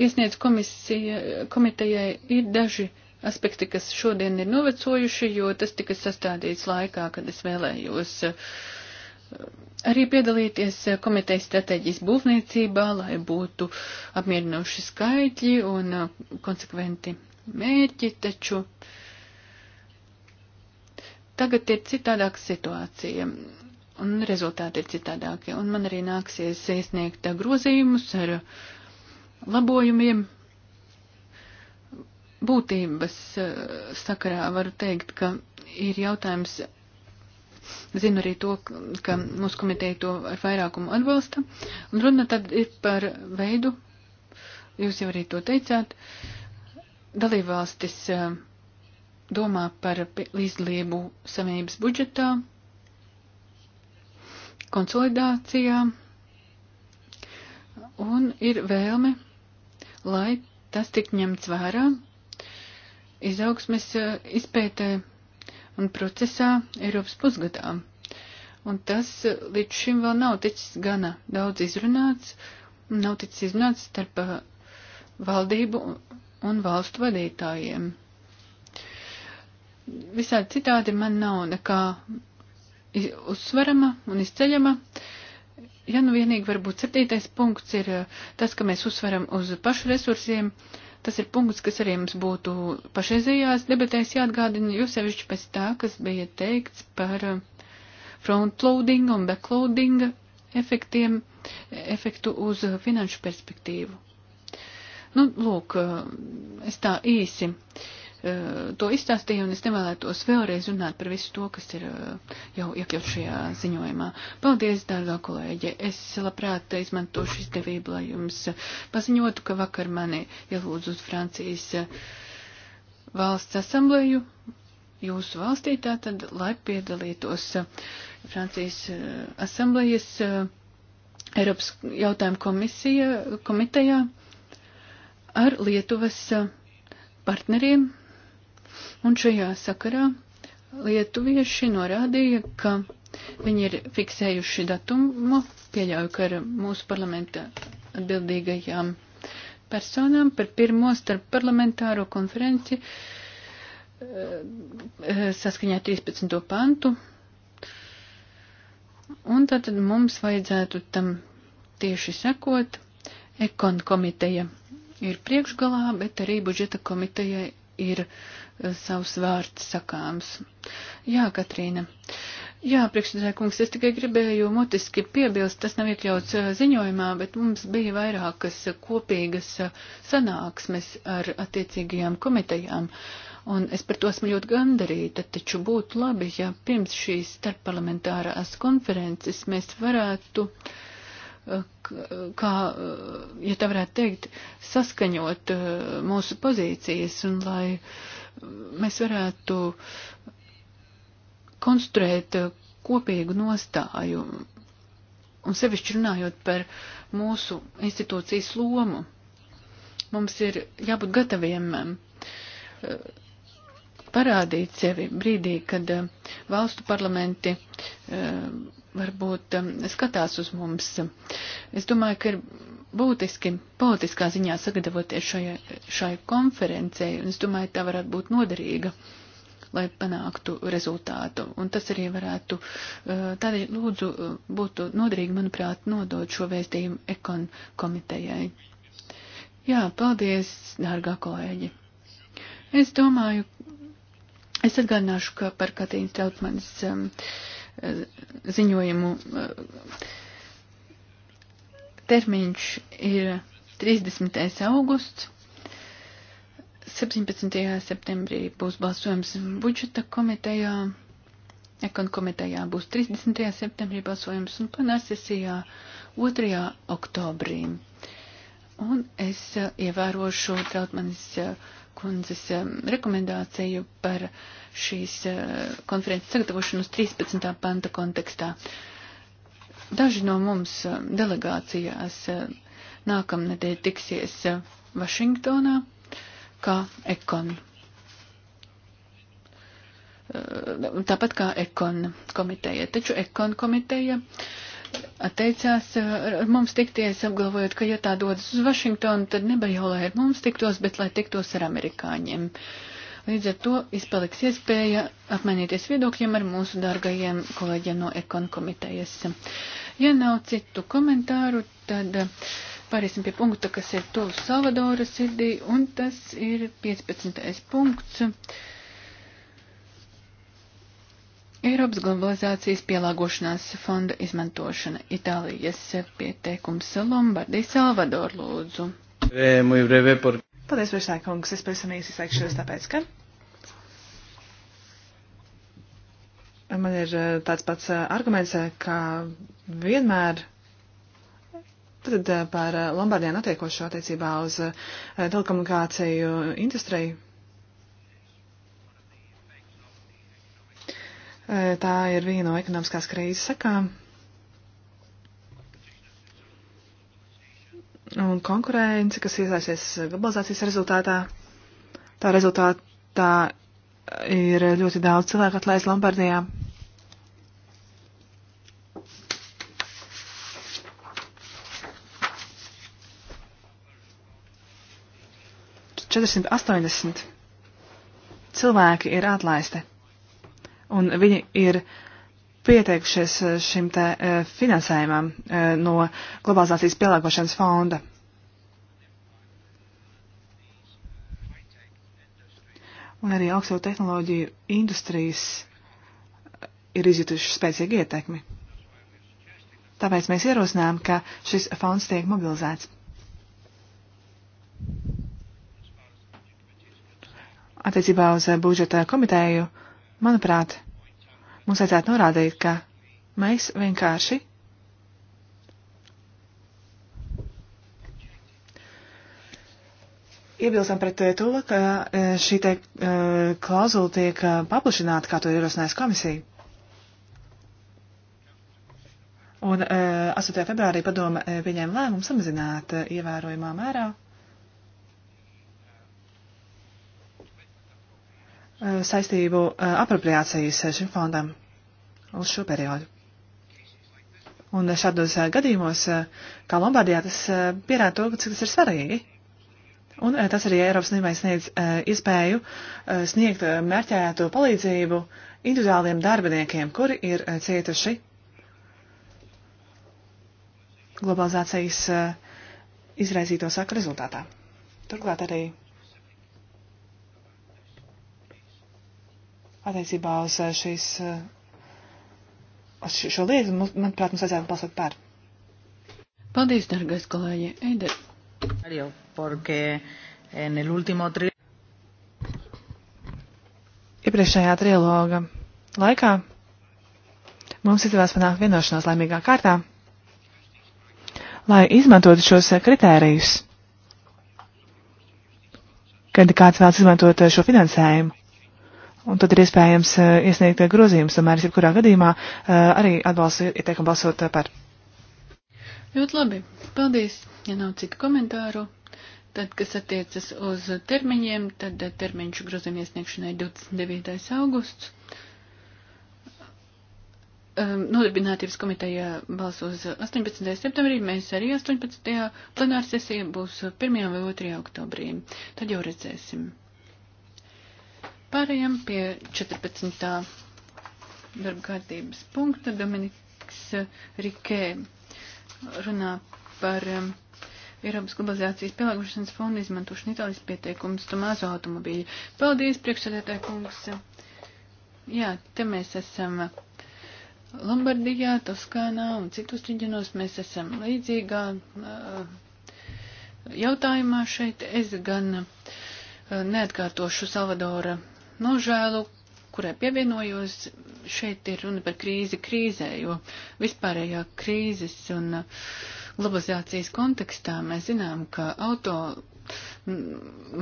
iesniedzu komisija, komitejai. Ir daži aspekti, kas šodien ir novecojuši, jo tas tika sastādīts laikā, kad es vēlējos uh, arī piedalīties komitejas stratēģijas būvniecībā, lai būtu apmierinoši skaitļi un uh, konsekventi mērķi, taču tagad ir citādāka situācija un rezultāti ir citādākie. Un man arī nāksies iesniegt grozījumus ar labojumiem. Būtības uh, sakarā varu teikt, ka ir jautājums Zinu arī to, ka mūsu komiteja to ar vairākumu atbalsta. Un runa tad ir par veidu, jūs jau arī to teicāt, dalībvalstis eh, domā par līdzdalību savienības budžetā, konsolidācijā, un ir vēlme, lai tas tik ņemts vērā izaugsmes eh, izpētē un procesā Eiropas pusgadā. Un tas eh, līdz šim vēl nav ticis gana daudz izrunāts, un nav ticis izrunāts starp eh, valdību un valstu vadītājiem. Visādi citādi man nav nekā uzsverama un izceļama. Ja nu vienīgi varbūt septītais punkts ir eh, tas, ka mēs uzsveram uz pašu resursiem, uh, Tas ir punkts, kas arī mums būtu pašreizējās debatēs jāatgādina, jo sevišķi pēc tā, kas bija teikts par uh, frontloading un backloading efektiem, efektu uz finanšu perspektīvu. Nu, lūk, uh, es tā īsi. Uh, E, to izstāstīja, un es nevēlētos vēlreiz runāt par visu to, kas ir e, jau iekļauts šajā ziņojumā. Paldies, dārgā kolēģe! Es labprāt izmantošu izdevību, lai jums paziņotu, ka vakar mani ielūdzu uz Francijas e, valsts asambleju jūsu valstī, tātad, lai piedalītos Francijas asamblejas Eiropas jautājumu komisija, komitejā ar Lietuvas partneriem Un šajā sakarā lietuvieši norādīja, ka viņi ir fiksējuši datumu, pieļauju, ka ar mūsu parlamenta atbildīgajām personām par pirmo starp parlamentāro konferenci eh, saskaņā 13. pantu. Un tātad mums vajadzētu tam tieši sekot. Ekon komiteja ir priekšgalā, bet arī budžeta komitejai ir uh, savs vārds sakāms. Jā, Katrīna. Jā, priekšsēdētāj kungs, es tikai gribēju mutiski piebilst, tas nav iekļauts ziņojumā, bet mums bija vairākas kopīgas sanāksmes ar attiecīgajām komitejām, un es par to esmu ļoti gandarīta, taču būtu labi, ja pirms šīs starpparlamentārās konferences mēs varētu uh, kā, ja tā varētu teikt, saskaņot eh, mūsu pozīcijas un lai mēs varētu konstruēt eh, kopīgu nostāju un sevišķi runājot par mūsu institūcijas lomu. Mums ir jābūt gataviem eh, parādīt sevi brīdī, kad valstu parlamenti varbūt um, skatās uz mums. Es domāju, ka ir būtiski politiskā ziņā sagatavoties šajai, šai konferencei, un es domāju, tā varētu būt noderīga, lai panāktu rezultātu. Un tas arī varētu, uh, tādēļ lūdzu, uh, būtu noderīgi, manuprāt, nodot šo vēstījumu ekon komitejai. Jā, paldies, dārgā kolēģi. Es domāju, es atgādināšu, ka par Katīnas Trautmanis um, uh, ziņojumu eh, termiņš ir 30. augusts. 17. septembrī būs balsojums budžeta komitejā, ekon komitejā būs 30. septembrī balsojums un plenārsesijā 2. oktobrī. Un es eh, ievērošu Trautmanis uh, kundzes um, rekomendāciju par šīs uh, konferences sagatavošanu uz 13. panta kontekstā. Daži no mums um, delegācijās uh, nākamnedēļ tiksies uh, Vašingtonā kā ekon. Tāpat kā ekon komiteja. Taču ekon komiteja uh, atteicās eh, ar mums tikties, apgalvojot, ka ja tā dodas uz Vašingtonu, tad nebaļo, lai ar mums tiktos, bet lai tiktos ar amerikāņiem. Līdz ar to izpaliks iespēja apmainīties viedokļiem ar mūsu dārgajiem kolēģiem no ekon komitejas. Ja nav citu komentāru, tad eh, pāriesim pie punkta, kas ir tuvu Salvadoras sirdī, un tas ir 15. punkts Eiropas globalizācijas pielāgošanās fonda izmantošana Itālijas pieteikums Lombardī Salvador lūdzu. Paldies, priekšsēkungs. Es pēc tam īsi izteikšos, tāpēc, ka man ir tāds pats arguments, kā vienmēr tad par Lombardijā notiekošo attiecībā uz telekomunikāciju industriju. Tā ir viena no ekonomiskās krīzes sakām. Un konkurence, kas iesaisties globalizācijas rezultātā, tā rezultātā ir ļoti daudz cilvēku atlaist Lombardijā. Četrsimt astoņdesmit cilvēki ir atlaisti un viņi ir pieteikušies eh, šim te eh, finansējumam eh, no globalizācijas pielāgošanas fonda. Un arī augsto tehnoloģiju industrijas ir izjutuši spēcīgu ietekmi. Tāpēc mēs ierosinām, ka šis fonds tiek mobilizēts. Attiecībā uz budžeta komiteju, manuprāt, Mums vajadzētu norādīt, ka mēs vienkārši Iebilstam pret to, ka e, šī te e, klauzula tiek e, paplašināta, kā to ierosinājis komisija. Un 8. februārī padome pieņēma lēmumu samazināt ievērojumā mērā Uh, saistību uh, apropriācijas uh, šim fondam uz šo periodu. Un šādos gadījumos, kā Lombardijā, tas pierāda to, cik tas ir svarīgi. Un tas arī Eiropas Unībai sniedz iespēju sniegt mērķēto palīdzību individuāliem darbiniekiem, kuri ir cietuši globalizācijas izraisīto saku rezultātā. Turklāt arī attiecībā uz eh, šīs, eh, uz šo lietu, manuprāt, mums vajadzētu balsot par. Paldies, dargais kolēģi, Eider. Porque en el último tri... Iepriekšējā trialoga laikā mums izdevās panākt vienošanos laimīgā kārtā, lai izmantotu šos eh, kritērijus, kad kāds vēlas izmantot šo finansējumu Un tad ir iespējams eh, iesniegt grozījumus, tomēr es jebkurā gadījumā eh, arī atbalstu ieteikumu balsot eh, par. Ļoti labi. Paldies. Ja nav citu komentāru, tad, kas attiecas uz termiņiem, tad termiņš grozījuma iesniegšanai 29. augusts. Ehm, nodarbinātības komitejā balsos 18. septembrī, mēs arī 18. plenārsesija būs 1. vai 2. oktobrī. Tad jau redzēsim. Pārējām pie 14. darba kārtības punkta. Dominiks Rikē runā par um, Eiropas globalizācijas pielāgošanas fonda izmantošanu Itālijas pieteikumus Tomāzo automobīļu. Paldies, priekšsēdētāji kungs. Jā, te mēs esam Lombardijā, Toskānā un citus reģionos. Mēs esam līdzīgā uh, jautājumā šeit. Es gan uh, neatkārtošu Salvadora nožēlu, kurai pievienojos, šeit ir runa par krīzi krīzē, jo vispārējā krīzes un uh, globalizācijas kontekstā mēs zinām, ka auto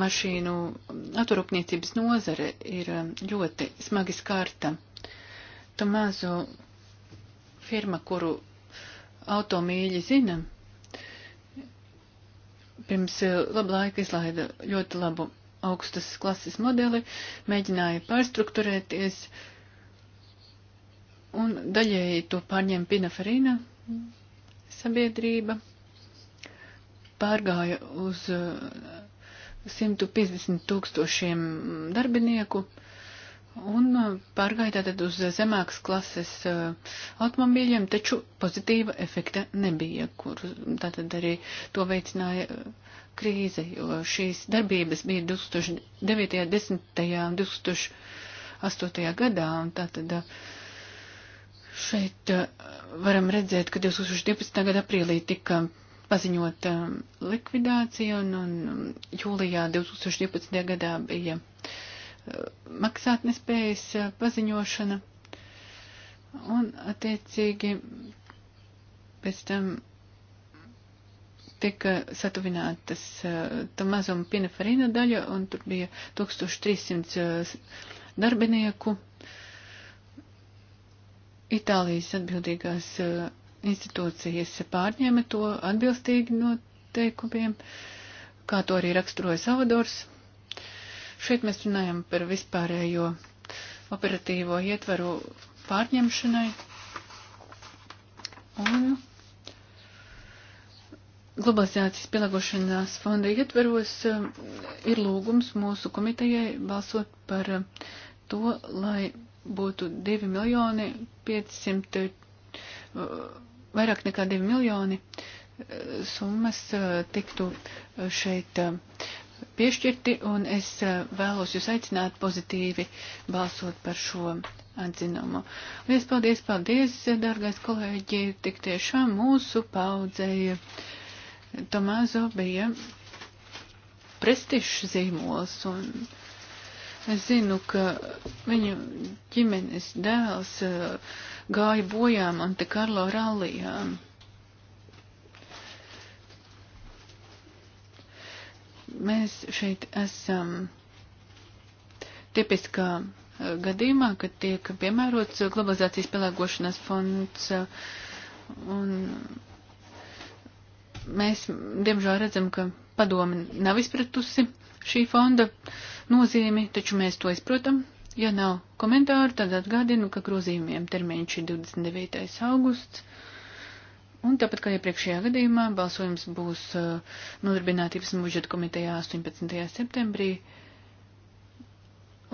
mašīnu autorūpniecības nozare ir um, ļoti smagi skārta. Tomāzo firma, kuru automīļi zina, pirms uh, laba laika izlaida ļoti labu augstas klases modeli, mēģināja pārstruktūrēties, un daļēji to pārņēma Pinafarīna sabiedrība, pārgāja uz 150 uh, tūkstošiem darbinieku, uh, un uh, pārgāja tātad uz zemākas klases uh, automobīļiem, taču pozitīva efekta nebija, kur tātad arī to veicināja uh, krīze, jo šīs darbības bija 2009., 10., 2008. gadā, un tātad šeit varam redzēt, ka 2012. gada aprīlī tika paziņot um, likvidācija, un, un um, jūlijā 2012. gadā bija maksātnespējas eh, paziņošana un attiecīgi pēc tam tika satuvinātas eh, tā mazuma pinafarīna daļa un tur bija 1300 eh, darbinieku. Itālijas atbildīgās institūcijas pārņēma to atbilstīgi noteikumiem, kā to arī raksturoja Savadors. Šeit mēs runājam par vispārējo operatīvo ietvaru pārņemšanai. Un globalizācijas pielāgošanās fonda ietveros eh, ir lūgums mūsu komitejai balsot par eh, to, lai būtu 2 miljoni 500, eh, vairāk nekā 2 miljoni summas tiktu šeit piešķirti, un es eh, vēlos jūs aicināt pozitīvi balsot par šo atzinumu. Lies paldies, paldies, dārgais kolēģi, tik tiešām mūsu paudzei eh, Tomāzo bija prestižs zīmols, un es zinu, ka viņu ģimenes dēls eh, gāja bojām Antekarlo rallijām. Mēs šeit esam tipiskā eh, gadījumā, kad tiek piemērots globalizācijas pielāgošanās fonds, eh, un mēs diemžēl redzam, ka padomi nav izpratusi šī fonda nozīmi, taču mēs to izprotam. Ja nav komentāru, tad atgādinu, ka grozījumiem termiņš ir 29. augusts. Un tāpat kā iepriekšējā gadījumā, balsojums būs uh, nodarbinātības un budžeta komitejā 18. septembrī.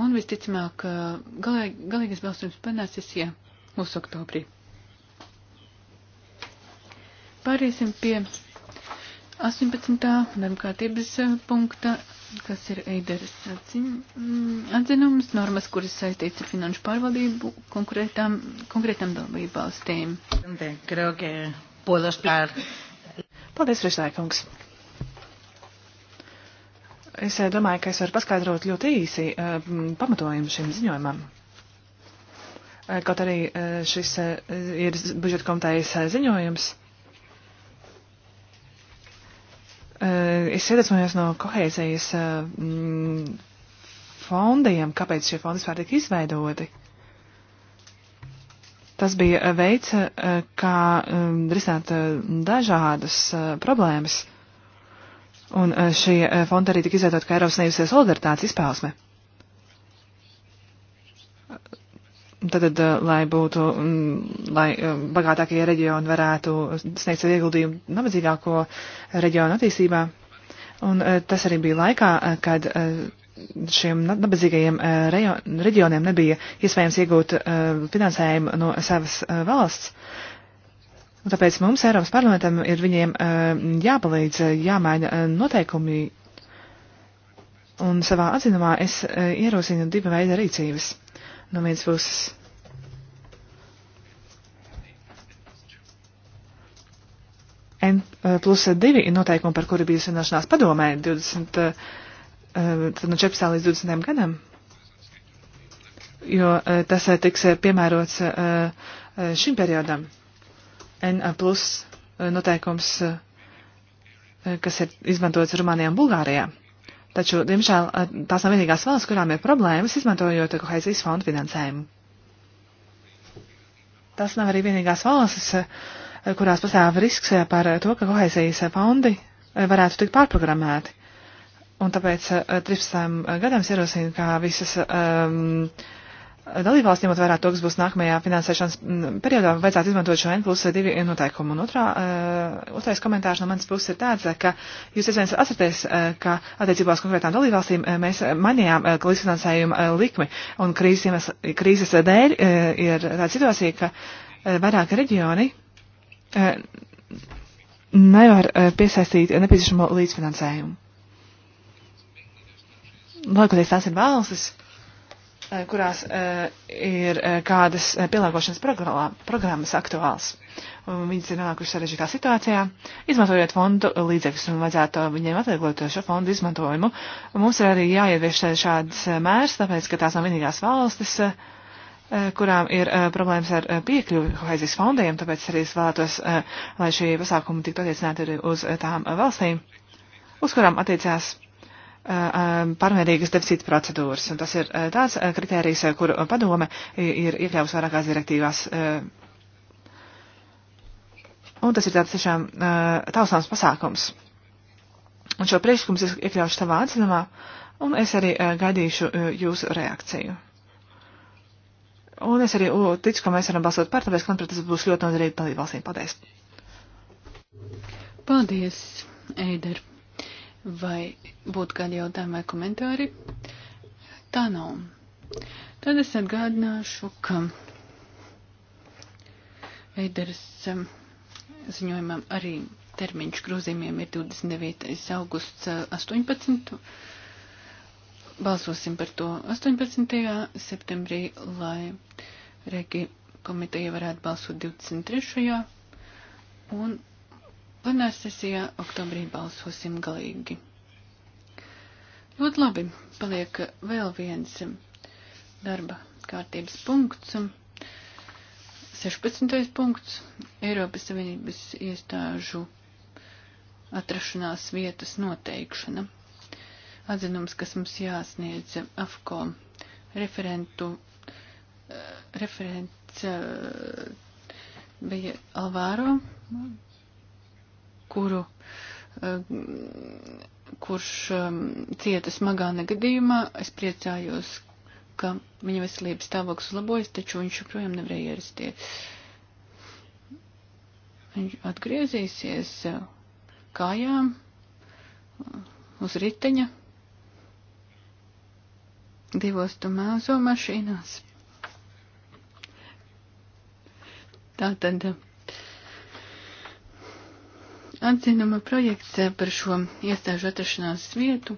Un visticamāk, uh, galē, galīgais balsojums panāksies, ja uz oktobrī. Pāriesim pie 18. darbkārtības uh, punkta, kas ir Eideres mm, atzinums, normas, kuras saistīts ar finanšu pārvaldību konkrētām, konkrētām dalībvalstīm. Creo que puedo explicar. Paldies, Rislēkungs. Es eh, domāju, ka es varu paskaidrot ļoti īsi eh, pamatojumu šim ziņojumam. Eh, kaut arī šis ir budžeta komitejas ziņojums. Es iedvesmojos no kohēzijas fondiem, kāpēc šie fondi vispār tika izveidoti. Tas bija veids, eh, kā um, risināt eh, dažādas eh, problēmas. Un šie fondi arī tika izvietot kā Eiropas Savienības solidaritātes izpausme. Tad, lai būtu, mm, lai bagātākie reģioni varētu sniegt savu ieguldījumu nabadzīgāko reģionu attīstībā. Un tas arī bija laikā, kad šiem nabadzīgajiem eh, reģioniem nebija iespējams iegūt eh, finansējumu no savas eh, valsts. Un tāpēc mums, Eiropas parlamentam, ir viņiem jāpalīdz, jāmaina noteikumi. Un savā atzinumā es ierosinu divu veidu rīcības. No vienas puses. N plus 2 noteikumi, par kuri bija sanāšanās padomē 20 no 14. līdz 20. gadam, jo e, tas e, tiks e, piemērots šim periodam. N plus noteikums, kas ir izmantots Rumānijā un Bulgārijā. Taču, diemžēl, tās nav vienīgās valsts, kurām ir problēmas izmantojot kohēzijas fondu finansējumu. Tas nav arī vienīgās valstis, kurās pastāv risks par to, ka kohēzijas fondi varētu tikt pārprogrammēti. Un tāpēc 13. Eh, gadam es ierosinu, kā visas um, dalībvalsts, ņemot vērā to, kas būs nākamajā finansēšanas mm, periodā, vajadzētu izmantot šo N plus 2 noteikumu. Un otrā, uh, otrais komentārs no manas puses ir tāds, eh, ka jūs iespējams atcerieties, uh, ka attiecībā uz konkrētām dalībvalstīm uh, mēs mainījām uh, līdzfinansējumu uh, likmi. Un krīzes, krīzes dēļ uh, ir tāda situācija, ka uh, vairāki reģioni. Uh, nevar piesaistīt nepieciešamo līdzfinansējumu. Lielākoties tās ir valstis, eh, kurās eh, ir eh, kādas pielāgošanas programmas aktuāls. Viņas ir nonākušas sarežģītā situācijā, izmantojot fondu līdzekļus un vajadzētu viņiem atvieglot šo fondu izmantojumu. Mums ir arī jāievieš šādas mērs, tāpēc, ka tās nav vienīgās valstis, kurām ir problēmas ar piekļuvi kohēzijas fondiem, tāpēc arī es vēlētos, lai šie pasākumi tiktu attiecināti arī uz tām valstīm, uz kurām attiecās Um, pārmērīgas deficīta procedūras. Un tas ir uh, tāds uh, kritērijs, uh, kuru padome ir iekļāvusi vairākās direktīvās. Un tas ir tāds tiešām taustāms pasākums. Un šo priekšlikumu es iekļaušu savā atzinumā, un es arī gaidīšu jūsu reakciju. Un es arī ticu, ka mēs varam balsot par, tāpēc, ka, manuprāt, tas būs ļoti noderīgi dalībvalstīm. Paldies! Paldies, Eider! Vai būtu kādi jautājumi vai komentāri? Tā nav. Tad es atgādināšu, ka Eideras um, ziņojumam arī termiņš grozījumiem ir 29. augusts 18. Uh, Balsosim par to 18. septembrī, lai Regi komiteja varētu balsot 23. un plenāra sesijā oktobrī balsosim galīgi. Ļoti labi, paliek vēl viens darba kārtības punkts. 16. punkts - Eiropas Savienības iestāžu atrašanās vietas noteikšana. Atzinums, kas mums jāsniedz AFCO referentu, eh, referents eh, bija Alvāro kuru, eh, kurš eh, cieta smagā negadījumā. Es priecājos, ka viņa veselības stāvoklis uzlabojas, taču viņš joprojām nevarēja ierasties. Viņš atgriezīsies eh, kājām uz riteņa divos tu mēzo mašīnās. Tātad atzinuma projekts eh, par šo iestāžu atrašanās vietu.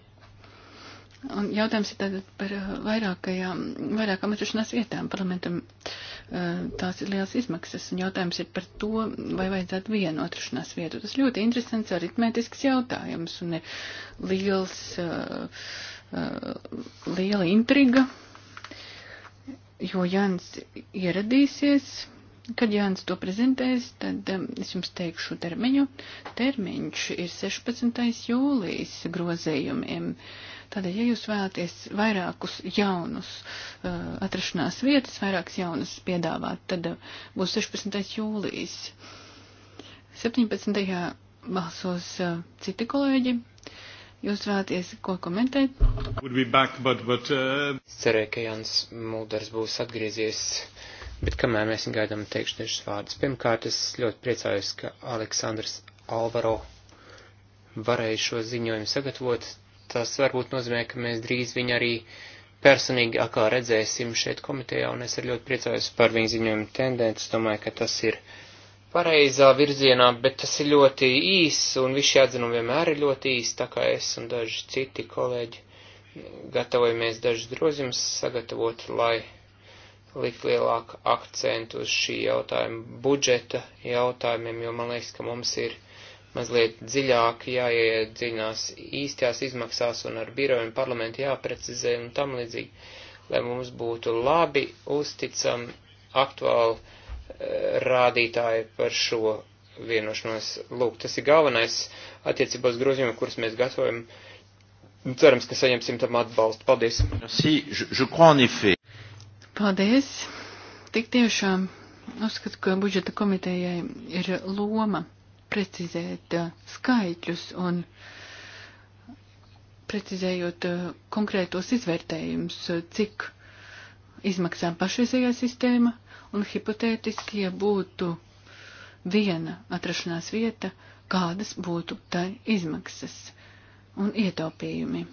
Un jautājums ir tātad par eh, vairākajām, vairākām atrašanās vietām. Parlamentam eh, tās ir liels izmaksas, un jautājums ir par to, vai vajadzētu vienu atrašanās vietu. Tas ļoti interesants aritmētisks jautājums, un ir liels, liela intriga, jo Jans ieradīsies, Kad Jānis to prezentēs, tad um, es jums teikšu termiņu. Termiņš ir 16. jūlijas grozējumiem. Tādēļ, ja jūs vēlaties vairākus jaunus uh, atrašanās vietas, vairākas jaunas piedāvāt, tad uh, būs 16. jūlijas. 17. balsos uh, citi kolēģi. Jūs vēlaties ko komentēt? Back, but, but, uh... Cerēju, ka Jānis Mulders būs atgriezies. Uh, Bet kamēr mēs viņu gaidām, teikšu dažus vārdus. Pirmkārt, es ļoti priecājos, ka Aleksandrs Alvaro varēja šo ziņojumu sagatavot. Tas varbūt nozīmē, ka mēs drīz viņu arī personīgi atkal redzēsim šeit komitejā, un es arī ļoti priecājos par viņu ziņojumu tendenci. Domāju, ka tas ir pareizā virzienā, bet tas ir ļoti īss, un visi atzinumi vienmēr ir ļoti īsi, tā kā es un daži citi kolēģi gatavojamies dažus grozījumus sagatavot, lai likt lielāku akcentu uz šī jautājuma budžeta jautājumiem, jo man liekas, ka mums ir mazliet dziļāk jāiedziļinās īstajās izmaksās un ar birojiem parlamentu jāprecizē un tam līdzīgi, lai mums būtu labi uzticam aktuāli eh, rādītāji par šo vienošanos. Lūk, tas ir galvenais attiecībā uz grozījumu, kurus mēs gatavojam. Cerams, ka saņemsim tam atbalstu. Paldies. Merci, je, je crois en effet. Paldies! Tik tiešām uzskatu, ka budžeta komitejai ir loma precizēt uh, skaitļus un precizējot uh, konkrētos izvērtējumus, uh, cik izmaksā pašreizējā sistēma un hipotētiski, ja būtu viena atrašanās vieta, kādas būtu tā izmaksas un ietaupījumi.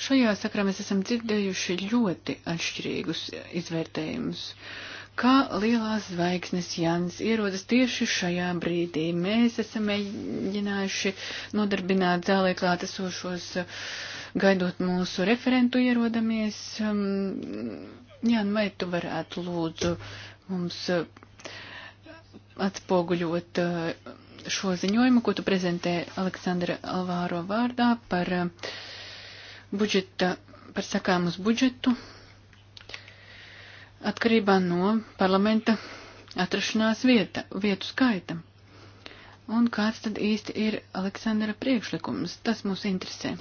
Šajā sakrā mēs esam dzirdējuši ļoti atšķirīgus izvērtējumus. Kā lielās zvaigznes Jans ierodas tieši šajā brīdī? Mēs esam mēģinājuši nodarbināt zālē klātesošos, gaidot mūsu referentu ierodamies. Um, Jan, vai tu varētu lūdzu mums uh, atspoguļot uh, šo ziņojumu, ko tu prezentē Aleksandra Alvāro vārdā par uh, budžeta, par sakām uz budžetu atkarībā no parlamenta atrašanās vieta, vietu skaita. Un kāds tad īsti ir Aleksandra priekšlikums? Tas mūs interesē.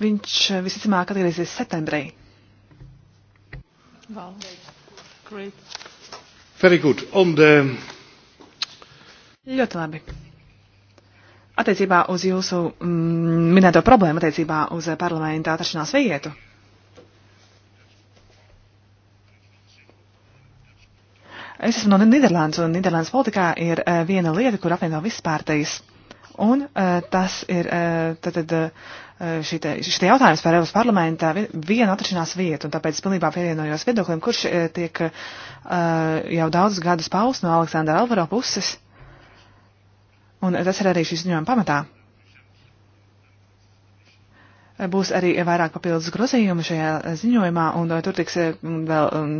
Viņš eh, visticamāk atgriezīsies septembrī. Wow. Great. Very good. On the... Ļoti labi attiecībā uz jūsu mm, minēto problēmu attiecībā uz parlamenta atrašanās vietu. Es esmu no Nīderlandes, un Nīderlandes politikā ir uh, viena lieta, kur apvieno visas pārtejas. Un uh, tas ir uh, tad, uh, šite, šite jautājums par Eiropas parlamenta vienu atrašanās vietu, un tāpēc pilnībā pievienojos viedoklim, kurš uh, tiek uh, jau daudzus gadus paust no Aleksandra Alvaro puses. Uh, Un tas ir arī šīs ziņojuma pamatā. Būs arī vairāk papildus grozījumu šajā ziņojumā, un uh, tur tiks uh, vēl um,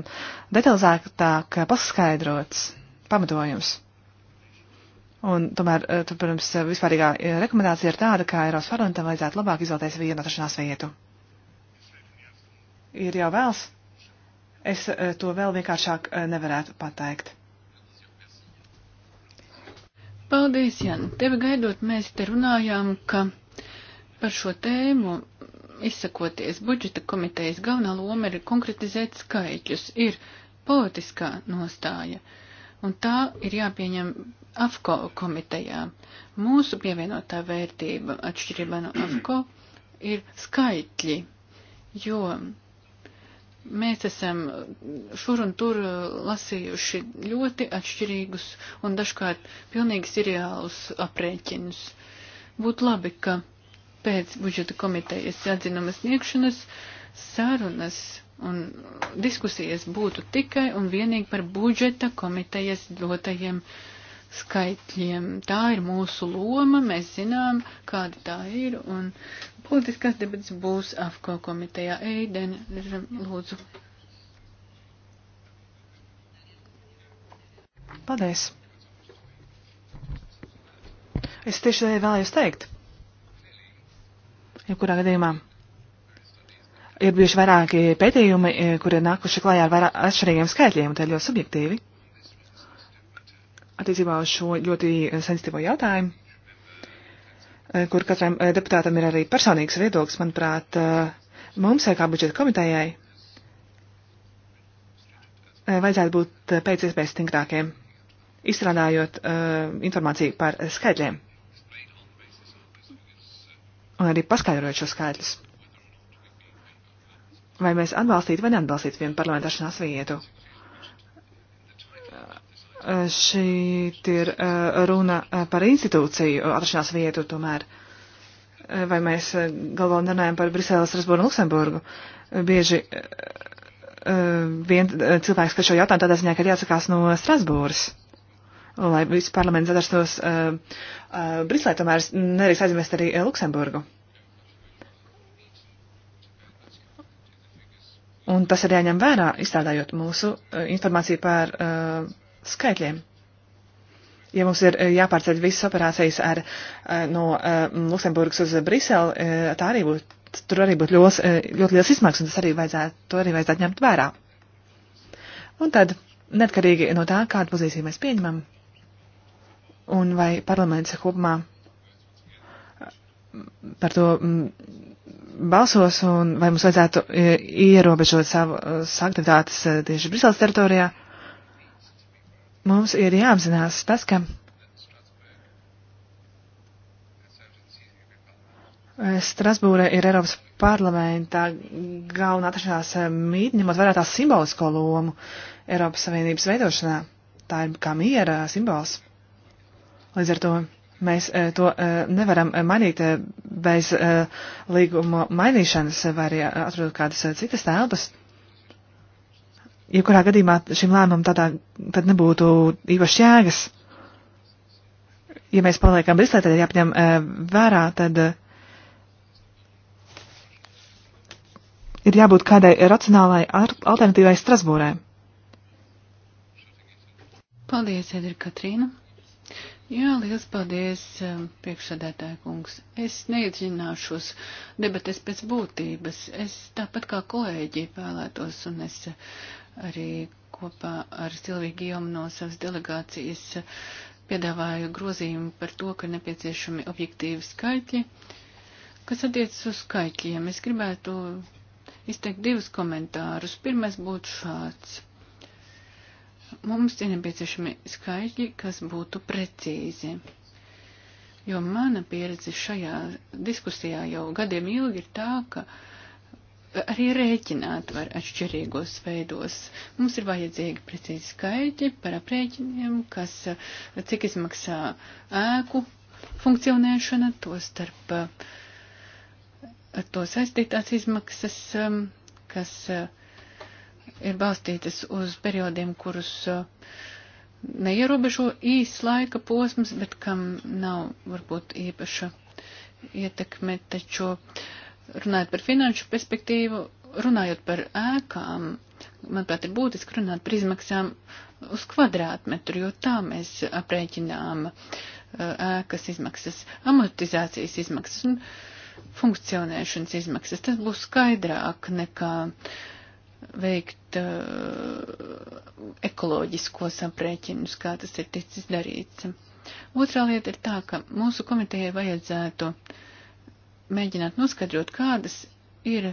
detalizētāk paskaidrots pamatojums. Un tomēr, uh, tu, protams, vispārīgā rekomendācija ir tāda, ka Eiropas parlamentam vajadzētu labāk izvēlēties vienu atrašanās vietu. Ir jau vēls? Es to vēl vienkāršāk nevarētu pateikt. Paldies, Jan. Tevi gaidot, mēs te runājām, ka par šo tēmu izsakoties budžeta komitejas galvenā loma ir konkretizēt skaitļus, ir politiskā nostāja, un tā ir jāpieņem AFCO komitejā. Mūsu pievienotā vērtība atšķirībā no AFCO ir skaitļi, jo Mēs esam šur un tur uh, lasījuši ļoti atšķirīgus un dažkārt pilnīgi seriālus aprēķinus. Būtu labi, ka pēc budžeta komitejas atzinuma sniegšanas sarunas un diskusijas būtu tikai un vienīgi par budžeta komitejas dotajiem uh, skaitļiem. Tā ir mūsu loma, mēs zinām, kāda tā ir, un politiskās debats būs AFKO komitejā. Eiden, lūdzu. Paldies. Es tieši vēlējos teikt, jebkurā gadījumā ir bijuši vairāki pētījumi, eh, kuri nākuši klajā ar vairāk atšķirīgiem skaitļiem, un tie ir ļoti subjektīvi attiecībā uz šo ļoti sensitīvo jautājumu, eh, kur katram eh, deputātam ir arī personīgs viedoklis, manuprāt, eh, mums, kā budžeta komitējai, vajadzētu būt pēc iespējas stingrākiem, izstrādājot uh, informāciju par skaidriem un arī paskaidrojot šo skaidrs. Vai mēs atbalstītu vai neatbalstītu vienu parlamentāšanās vietu? Eh, šī ir eh, runa eh, par institūciju atrašanās vietu tomēr. Vai mēs galvā nerunājam par Briselu, Strasbūru un Luksemburgu? Bieži vien cilvēks, kas šo jautājumu tādā ziņā, ka ir jāatsakās no Strasbūras, lai viss parlaments atrastos Briselē, tomēr nerīks aizmirst arī Luksemburgu. Un tas ir jāņem vērā, izstrādājot mūsu informāciju par uh, skaitļiem. Ja mums ir eh, jāpārceļ visas operācijas ar, eh, no eh, Luksemburgas uz Briseli, tā arī būtu, tur arī būtu ļos, ļoti liels izmaksas, un tas arī vajadzētu, to arī vajadzētu ņemt vērā. Un tad, netkarīgi no tā, kādu pozīciju mēs pieņemam, un vai parlaments kopumā par to balsos, un vai mums vajadzētu ierobežot savu aktivitātes tieši Briseles teritorijā, mums ir jāapzinās tas, ka Strasbūra ir Eiropas parlamentā galvenā atrašanās eh, mītne, ņemot vērā tās simbolisko lomu Eiropas Savienības veidošanā. Tā ir kā miera eh, simbols. Līdz ar to mēs eh, to nevaram mainīt bez līguma mainīšanas vai arī atrodot kādas citas telpas jebkurā gadījumā šim lēmumam tādā tad nebūtu īpaši jēgas. Ja mēs paliekam Briselē, tad ir jāpņem e, vērā, tad e, ir jābūt kādai racionālai alternatīvai Strasbūrē. Paldies, Edri Katrīna. Jā, liels paldies, e, priekšsādētāja kungs. Es neiedzināšos debates pēc būtības. Es tāpat kā kolēģi vēlētos, un es uh, arī kopā ar Silviju Gijomu no savas delegācijas piedāvāju grozījumu par to, ka nepieciešami objektīvi skaitļi. Kas attiecas uz skaitļiem, es gribētu izteikt divus komentārus. Pirmais būtu šāds. Mums ir nepieciešami skaitļi, kas būtu precīzi. Jo mana pieredze šajā diskusijā jau gadiem ilgi ir tā, ka uh, arī rēķināt var atšķirīgos veidos. Mums ir vajadzīgi precīzi skaidri par aprēķiniem, kas, cik izmaksā ēku funkcionēšana, to starp ar to saistītās izmaksas, um, kas uh, ir balstītas uz periodiem, kurus uh, neierobežo īs laika posms, bet kam nav varbūt īpaša ietekme, taču uh, runājot par finanšu perspektīvu, runājot par ēkām, manuprāt, ir būtiski runāt par izmaksām uz kvadrātmetru, jo tā mēs aprēķinām uh, ēkas izmaksas, amortizācijas izmaksas un funkcionēšanas izmaksas. Tas būs skaidrāk nekā veikt uh, ekoloģiskos aprēķinus, kā tas ir ticis darīts. Otrā lieta ir tā, ka mūsu komitejai vajadzētu uh, mēģināt noskaidrot, kādas ir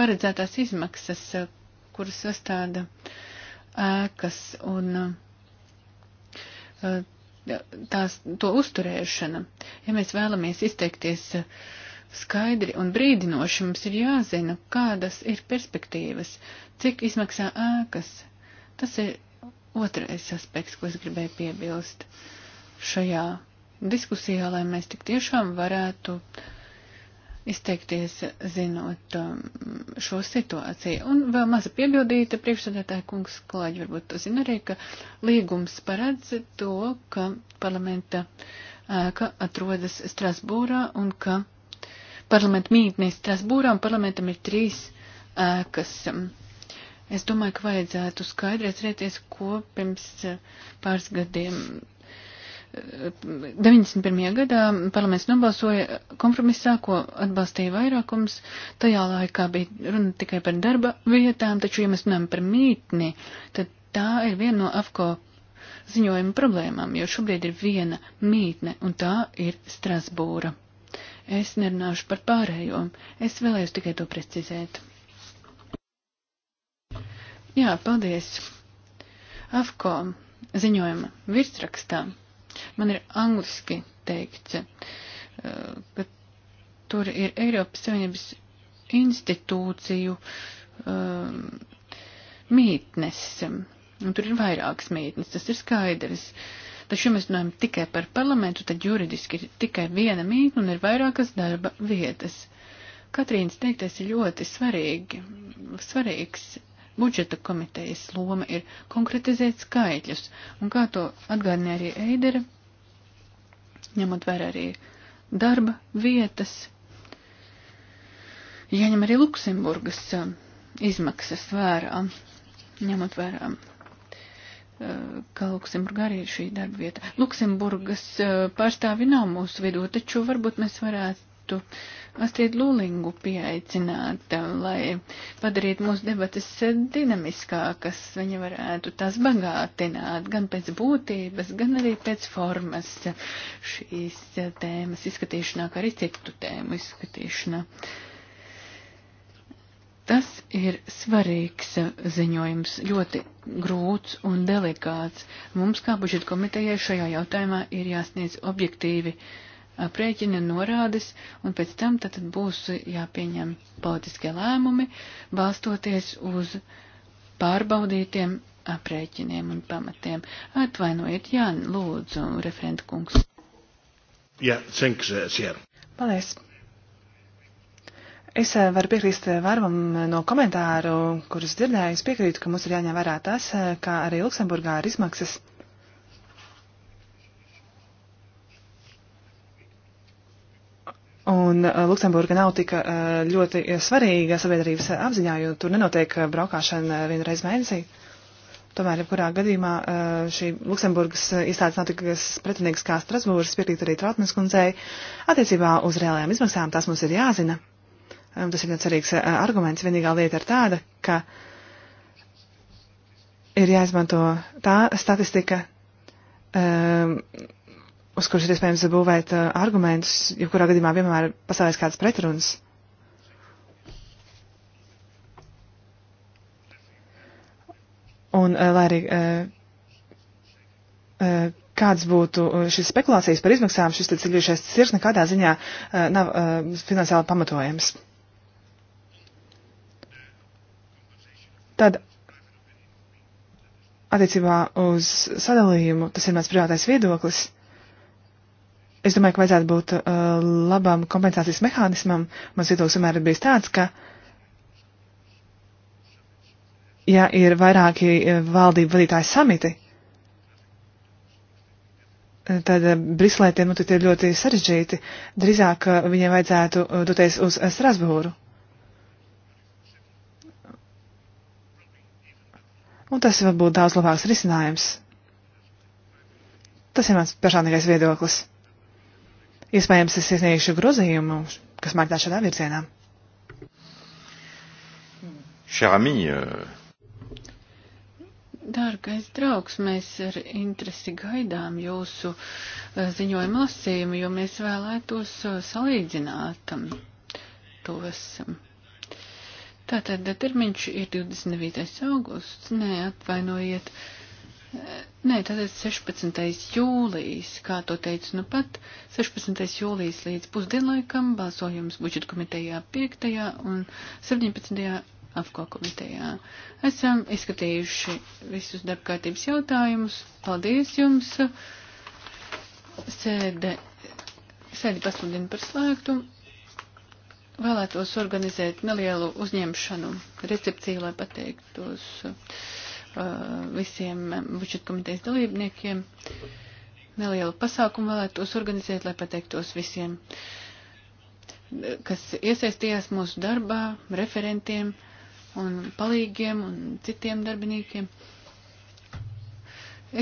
paredzētās izmaksas, eh, kuras sastāda ēkas un eh, tās, to uzturēšana. Ja mēs vēlamies izteikties skaidri un brīdinoši, mums ir jāzina, kādas ir perspektīvas, cik izmaksā ēkas. Tas ir otrais aspekts, ko es gribēju piebilst šajā diskusijā, lai mēs tik tiešām varētu izteikties zinot um, šo situāciju. Un vēl maza piebildīta priekšsēdētāja kungs klāģi varbūt to zina arī, ka līgums paredz to, ka parlamenta ēka atrodas Strasbūrā un ka parlamenta mītnē Strasbūrā un parlamentam ir trīs ēkas. Es domāju, ka vajadzētu skaidri atcerēties, ko pirms pāris gadiem 91. gadā parlaments nobalsoja kompromisā, ko atbalstīja vairākums. Tajā laikā bija runa tikai par darba vietām, taču, ja mēs runājam par mītni, tad tā ir viena no AFCO ziņojuma problēmām, jo šobrīd ir viena mītne, un tā ir Strasbūra. Es nerunāšu par pārējo, es vēlējos tikai to precizēt. Jā, paldies. AFCO ziņojuma virsrakstā Man ir angliski teikts, eh, ka tur ir Eiropas Savienības institūciju um, mītnes, un tur ir vairākas mītnes, tas ir skaidrs. Taču, ja mēs runājam tikai par parlamentu, tad juridiski ir tikai viena mītne un ir vairākas darba vietas. Katrīnas teiktais ir ļoti svarīgi, svarīgs budžeta komitejas loma ir konkretizēt skaitļus, un kā to atgādināja arī Eidera, ņemot vērā arī darba vietas, jaņem arī Luksemburgas um, izmaksas vērā, ņemot vērā, um, ka Luksemburga arī ir šī darba vieta. Luksemburgas uh, pārstāvi nav mūsu vidū, taču varbūt mēs varētu gribētu Astrid Lūlingu pieaicināt, lai padarītu mūsu debatas dinamiskākas. Viņa varētu tās bagātināt gan pēc būtības, gan arī pēc formas šīs tēmas izskatīšanā, kā arī citu tēmu izskatīšanā. Tas ir svarīgs ziņojums, ļoti grūts un delikāts. Mums, kā budžeta komitejai, šajā jautājumā ir jāsniedz objektīvi uh, aprēķina norādes, un pēc tam tad būs jāpieņem politiskie lēmumi, balstoties uz pārbaudītiem aprēķiniem un pamatiem. Atvainojiet, jā, lūdzu, referenta kungs. Jā, yeah, thanks, uh, sir. Paldies. Es varu piekrīst varam no komentāru, kurus dzirdēju. Es piekrītu, ka mums ir jāņem vērā tas, kā arī Luksemburgā ir izmaksas Un uh, Luksemburga nav tik uh, ļoti svarīga sabiedrības apziņā, jo tur nenotiek uh, braukāšana vienreiz mēnesī. Tomēr, jebkurā gadījumā, šī Luksemburgas iestādes nav tik pretinīgas kā Strasbūras, piekrīt arī Trautmanas kundzei. Attiecībā uz reālajām izmaksām tas mums ir jāzina. Um, tas ir ļoti svarīgs arguments. Vienīgā lieta ir tāda, ka ir jāizmanto tā statistika, um, uz kurš ir iespējams būvēt uh, argumentus, jo kurā gadījumā vienmēr pastāvēs kāds pretruns. Un, uh, lai arī uh, uh kāds būtu uh, šis spekulācijas par izmaksām, šis ceļojušais sirds nekādā ziņā uh, nav finansiāli pamatojams. Tad attiecībā uz sadalījumu, tas ir mans privātais viedoklis. Es domāju, ka vajadzētu būt uh, labam kompensācijas mehānismam. Mans viedoklis vienmēr ir bijis tāds, ka, ja ir vairāki uh, valdību vadītāju samiti, uh, tad uh, Briselē tie notikti ir ļoti sarežģīti. Drīzāk viņiem vajadzētu doties uz Strasbūru. Un tas var būt daudz labāks risinājums. Tas ir mans personīgais viedoklis. Iespējams, es iesniegšu grozījumu, kas mērķē šādā virzienā. Ami, uh... Dārgais draugs, mēs ar interesi gaidām jūsu eh, ziņojumu lasījumu, jo mēs vēlētos eh, salīdzināt um, tos. Um. Tātad eh, termiņš ir 29. augusts, nē, atvainojiet. Uh, Nē, tātad 16. jūlijas, kā to teicu nu pat, 16. jūlijas līdz pusdienlaikam balsojums budžeta komitejā 5. un 17. AFKO komitejā. Esam izskatījuši visus darbkārtības jautājumus. Paldies jums! Sēde, sēdi pasludina par slēgtu. Vēlētos organizēt nelielu uzņemšanu recepciju, lai pateiktos. Uh, Uh, visiem budžeta komitejas dalībniekiem. Nelielu pasākumu vēlētos organizēt, lai pateiktos visiem, kas iesaistījās mūsu darbā, referentiem un palīgiem un citiem darbiniekiem.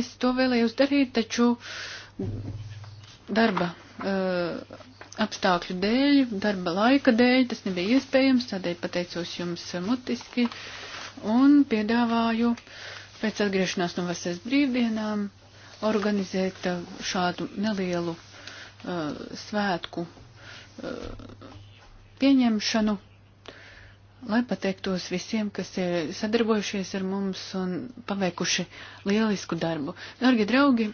Es to vēlējos darīt, taču darba uh, apstākļu dēļ, darba laika dēļ tas nebija iespējams, tādēļ pateicos jums mutiski. Uh, un piedāvāju pēc atgriešanās no vasaras brīvdienām organizēt uh, šādu nelielu uh, svētku uh, pieņemšanu, lai pateiktos visiem, kas ir sadarbojušies ar mums un paveikuši lielisku darbu. Dargi draugi,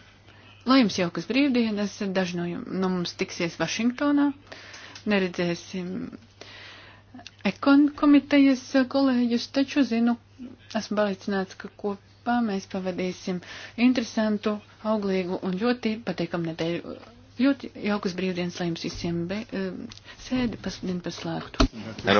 lai jums jaukas brīvdienas, daži no, jums, no mums tiksies Vašingtonā, neredzēsim ekon komitejas kolēģus, taču zinu, esmu pārliecināts, ka kopā mēs pavadīsim interesantu, auglīgu un ļoti patīkamu nedēļu. Ļoti jaukas brīvdienas, lai jums visiem be, eh, sēdi paslēgtu.